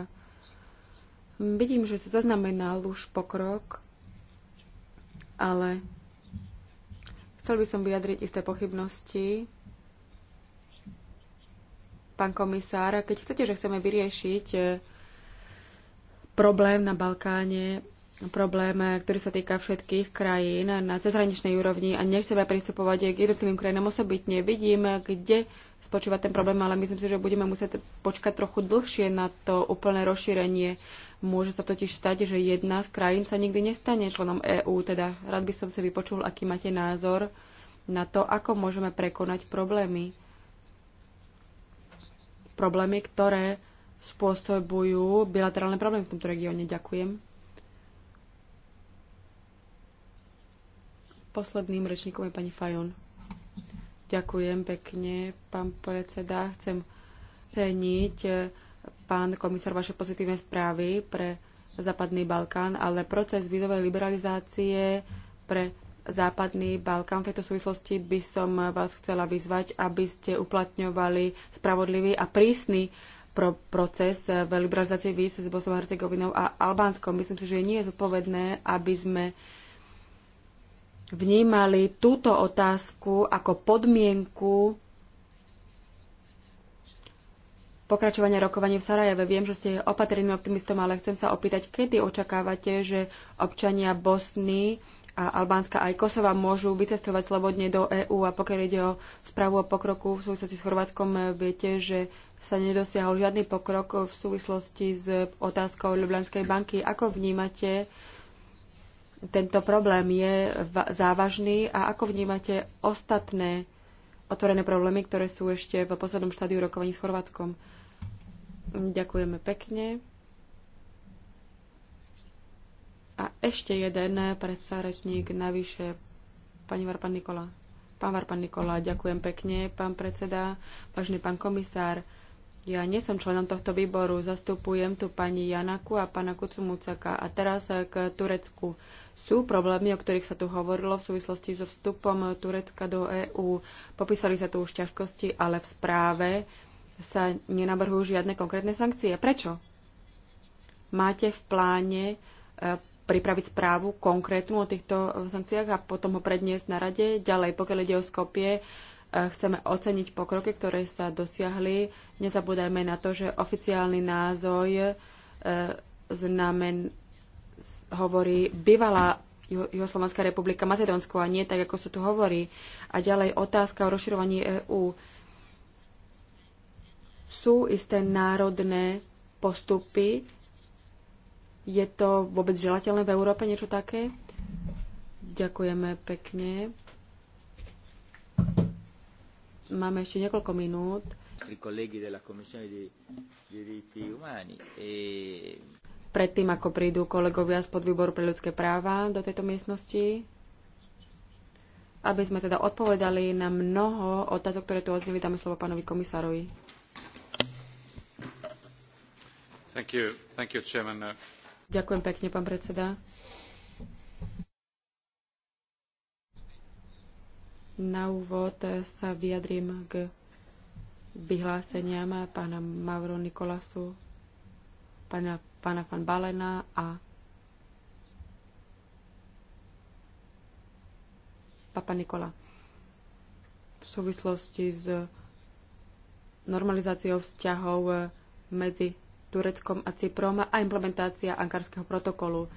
Vidím, že sa zaznamenal už pokrok, ale chcel by som vyjadriť isté pochybnosti. Pán komisár, keď chcete, že chceme vyriešiť eh, problém na Balkáne, problém, ktorý sa týka všetkých krajín na cezhraničnej úrovni a nechceme pristupovať k jednotlivým krajinám osobitne. Vidím, kde spočíva ten problém, ale myslím si, že budeme musieť počkať trochu dlhšie na to úplné rozšírenie. Môže sa totiž stať, že jedna z krajín sa nikdy nestane členom EÚ. Teda rád by som si vypočul, aký máte názor na to, ako môžeme prekonať problémy. Problémy, ktoré spôsobujú bilaterálne problémy v tomto regióne. Ďakujem. Posledným rečníkom je pani Fajon. Ďakujem pekne, pán predseda. Chcem ceniť, eh, pán komisár, vaše pozitívne správy pre Západný Balkán, ale proces vízovej liberalizácie pre Západný Balkán. V tejto súvislosti by som vás chcela vyzvať, aby ste uplatňovali spravodlivý a prísny pro proces eh, v liberalizácii víz s Bosnou a Hercegovinou a Albánskom. Myslím si, že nie je zodpovedné, aby sme vnímali túto otázku ako podmienku pokračovania rokovania v Sarajeve. Viem, že ste opatrným optimistom, ale chcem sa opýtať, kedy očakávate, že občania Bosny a Albánska aj Kosova môžu vycestovať slobodne do EÚ a pokiaľ ide o správu o pokroku v súvislosti s Chorvátskom, eh, viete, že sa nedosiahol žiadny pokrok v súvislosti s otázkou Ljubljanskej banky. Ako vnímate tento problém? Je závažný a ako vnímate ostatné otvorené problémy, ktoré sú ešte v poslednom štádiu rokovaní s Chorvátskom? Ďakujeme pekne. A ešte jeden predsa navyše, pani Varpan Nikola. Pán Varpan Nikola, ďakujem pekne, pán predseda, vážny pán komisár. Ja nie som členom tohto výboru, zastupujem tu pani Janaku a pána Kucumucaka. A teraz k Turecku. Sú problémy, o ktorých sa tu hovorilo v súvislosti so vstupom Turecka do EÚ. Popísali sa tu už ťažkosti, ale v správe sa nenavrhujú žiadne konkrétne sankcie. Prečo? Máte v pláne e, pripraviť správu konkrétnu o týchto eh, sankciách a potom ho predniesť na rade. Ďalej, pokiaľ ide o Skopie, eh, chceme oceniť pokroky, ktoré sa dosiahli. Nezabúdajme na to, že oficiálny názoj eh, znamen hovorí bývalá Juhoslovanská republika Macedónsko a nie tak, ako sa tu hovorí. A ďalej otázka o rozširovaní EÚ. Sú isté národné postupy, je to vôbec želateľné v Európe niečo také? Ďakujeme pekne. Máme ešte niekoľko minút. E- Predtým, ako prídu kolegovia z podvýboru pre ľudské práva do tejto miestnosti, aby sme teda odpovedali na mnoho otázok, ktoré tu odzneli, dáme slovo pánovi komisárovi. Thank you. Thank you, Ďakujem pekne, pán predseda. Na úvod sa vyjadrím k vyhláseniam pána Mauro Nikolasu, pána, pána Van Balena a Papa Nikola v súvislosti s normalizáciou vzťahov medzi Tureckom a Cyprom a implementácia ankarského protokolu.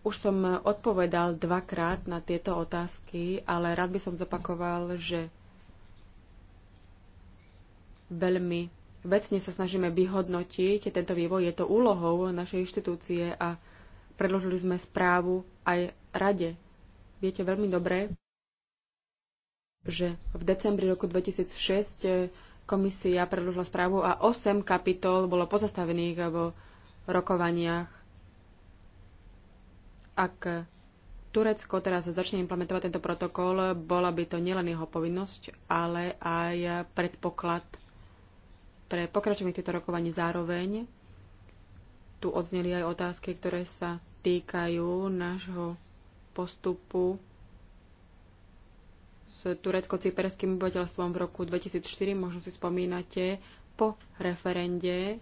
Už som odpovedal dvakrát na tieto otázky, ale rád by som zopakoval, že veľmi vecne sa snažíme vyhodnotiť tento vývoj. Je to úlohou našej inštitúcie a predložili sme správu aj rade. Viete veľmi dobre, že v decembri roku 2006 Komisia predložila správu a 8 kapitol bolo pozastavených vo rokovaniach. Ak Turecko teraz začne implementovať tento protokol, bola by to nielen jeho povinnosť, ale aj predpoklad pre pokračovanie týchto rokovaní zároveň. Tu odzneli aj otázky, ktoré sa týkajú nášho postupu s turecko-cyperským obyvateľstvom v roku 2004, možno si spomínate, po referende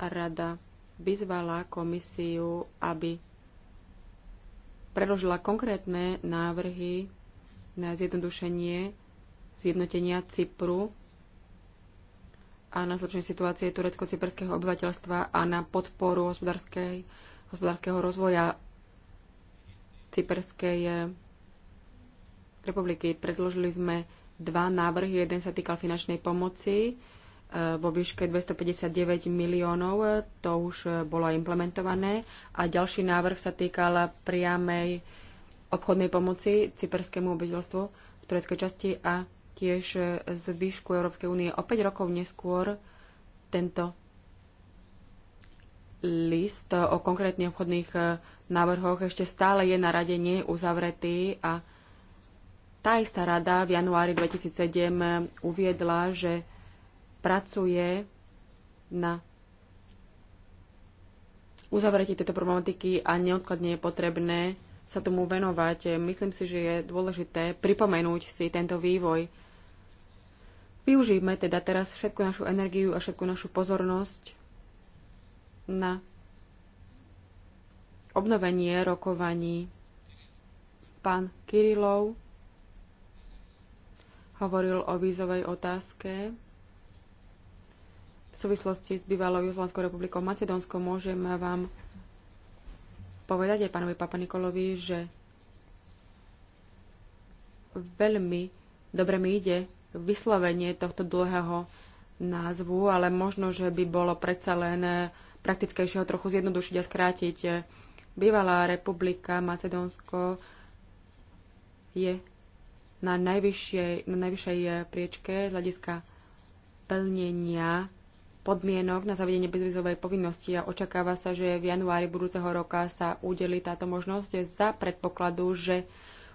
rada vyzvala komisiu, aby predložila konkrétne návrhy na zjednodušenie zjednotenia Cypru a na zlepšenie situácie turecko-cyperského obyvateľstva a na podporu hospodárskeho rozvoja Cyperskej eh, republiky. Predložili sme dva návrhy. Jeden sa týkal finančnej pomoci eh, vo výške 259 miliónov, eh, to už bolo implementované. A ďalší návrh sa týkal priamej obchodnej pomoci cyperskému obyvateľstvu v tureckej časti a tiež z výšku Európskej únie. O 5 rokov neskôr tento list o konkrétnych obchodných návrhoch ešte stále je na rade neuzavretý a tá istá rada v januári 2007 uviedla, že pracuje na uzavretí tejto problematiky a neodkladne je potrebné sa tomu venovať. Myslím si, že je dôležité pripomenúť si tento vývoj. Využijme teda teraz všetku našu energiu a všetku našu pozornosť na obnovenie rokovaní. Pán Kirilov hovoril o vízovej otázke. V súvislosti s bývalou Jugoslovanskou republikou Macedónsko môžem vám povedať aj pánovi Papa Nikolovi, že veľmi dobre mi ide vyslovenie tohto dlhého názvu, ale možno, že by bolo predsa len praktickejšie ho trochu zjednodušiť a skrátiť. Bývalá republika Macedónsko je na najvyššej, na najvyššej e, priečke z hľadiska plnenia podmienok na zavedenie bezvizovej povinnosti a očakáva sa, že v januári budúceho roka sa udeli táto možnosť za predpokladu, že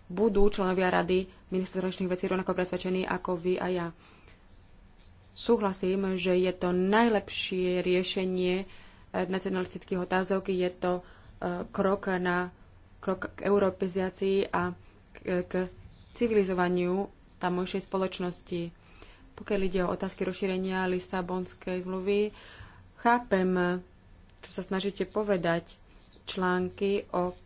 budú členovia Rady ministrov zahraničných vecí rovnako presvedčení ako vy a ja. Súhlasím, že je to najlepšie riešenie e, nacionalistických otázok, je to krok, na, krok k europeziácii a k, k civilizovaniu tamojšej spoločnosti. Pokiaľ ide o otázky rozšírenia Lisabonskej zmluvy, chápem, čo sa snažíte povedať. Články o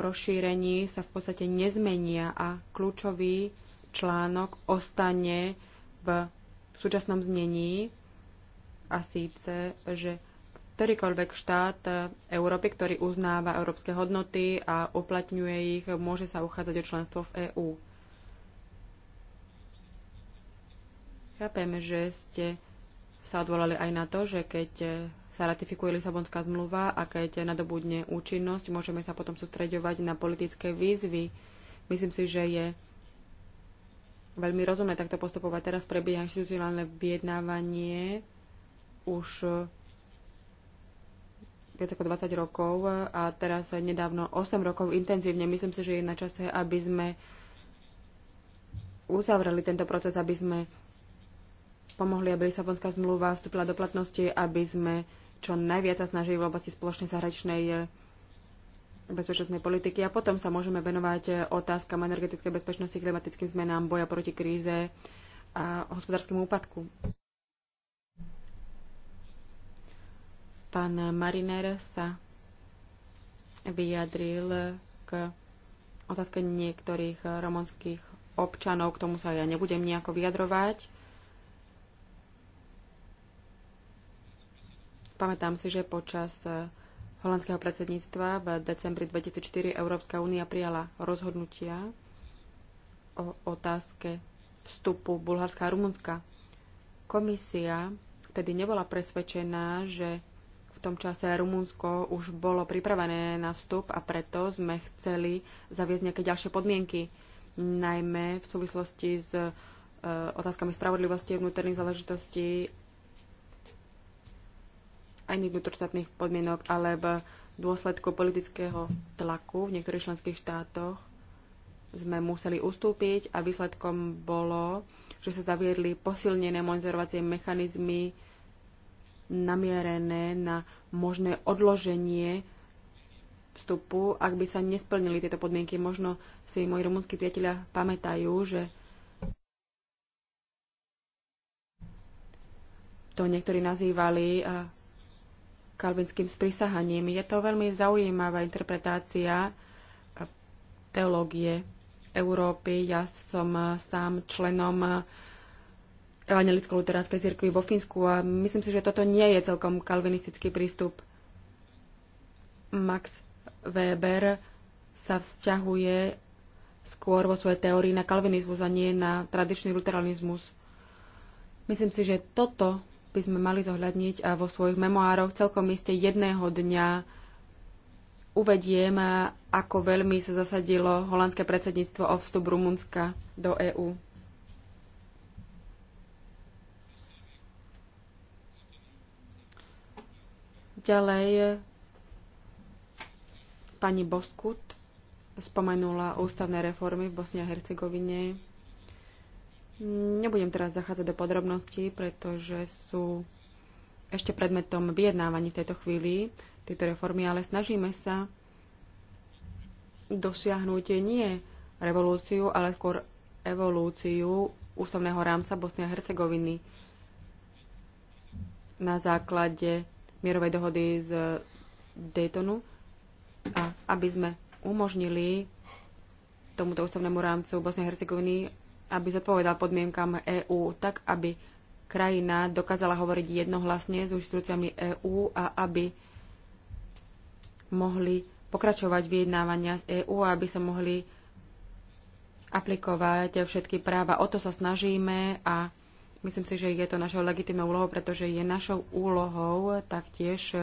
rozšírení sa v podstate nezmenia a kľúčový článok ostane v súčasnom znení a síce, že ktorýkoľvek štát e, Európy, ktorý uznáva európske hodnoty a uplatňuje ich, môže sa uchádzať o členstvo v EÚ. Chápem, že ste sa odvolali aj na to, že keď e, sa ratifikuje Lisabonská zmluva a keď nadobudne účinnosť, môžeme sa potom sústreďovať na politické výzvy. Myslím si, že je veľmi rozumné takto postupovať. Teraz prebieha institucionálne vyjednávanie už viac ako 20 rokov a teraz nedávno 8 rokov intenzívne. Myslím si, že je na čase, aby sme uzavreli tento proces, aby sme pomohli, aby Lisabonská zmluva vstúpila do platnosti, aby sme čo najviac sa snažili v oblasti spoločnej zahraničnej eh, bezpečnostnej politiky a potom sa môžeme venovať eh, otázkam energetickej bezpečnosti, klimatickým zmenám, boja proti kríze a hospodárskému úpadku. Pán Mariner sa vyjadril k otázke niektorých romonských občanov, k tomu sa ja nebudem nejako vyjadrovať. Pamätám si, že počas holandského predsedníctva v decembri 2004 Európska únia prijala rozhodnutia o otázke vstupu Bulharska a Rumunska. Komisia vtedy nebola presvedčená, že tom čase Rumunsko už bolo pripravené na vstup a preto sme chceli zaviesť nejaké ďalšie podmienky, najmä v súvislosti s e, otázkami spravodlivosti vnútorných záležitostí aj vnútroštátnych podmienok, ale v dôsledku politického tlaku v niektorých členských štátoch sme museli ustúpiť a výsledkom bolo, že sa zaviedli posilnené monitorovacie mechanizmy namierené na možné odloženie vstupu, ak by sa nesplnili tieto podmienky. Možno si moji rumúnsky priatelia pamätajú, že to niektorí nazývali eh, kalvinským sprisahaním. Je to veľmi zaujímavá interpretácia eh, teológie Európy. Ja som eh, sám členom evangelicko-luteránskej cirkvi vo Fínsku a myslím si, že toto nie je celkom kalvinistický prístup. Max Weber sa vzťahuje skôr vo svojej teórii na kalvinizmus a nie na tradičný luteranizmus. Myslím si, že toto by sme mali zohľadniť a vo svojich memoároch celkom iste jedného dňa uvediem, ako veľmi sa zasadilo holandské predsedníctvo o vstup Rumunska do EÚ. Ďalej e, pani Boskut spomenula ústavné reformy v Bosne a Hercegovine. Nebudem teraz zachádzať do podrobností, pretože sú ešte predmetom vyjednávaní v tejto chvíli tieto reformy, ale snažíme sa dosiahnuť nie revolúciu, ale skôr evolúciu ústavného rámca Bosny a Hercegoviny na základe mierovej dohody z Daytonu a aby sme umožnili tomuto ústavnému rámcu Bosnej Hercegoviny, aby zodpovedal podmienkam EÚ tak, aby krajina dokázala hovoriť jednohlasne s inštitúciami EÚ a aby mohli pokračovať vyjednávania z EÚ a aby sa mohli aplikovať všetky práva. O to sa snažíme a Myslím si, že je to našou legitimnou úlohou, pretože je našou úlohou taktiež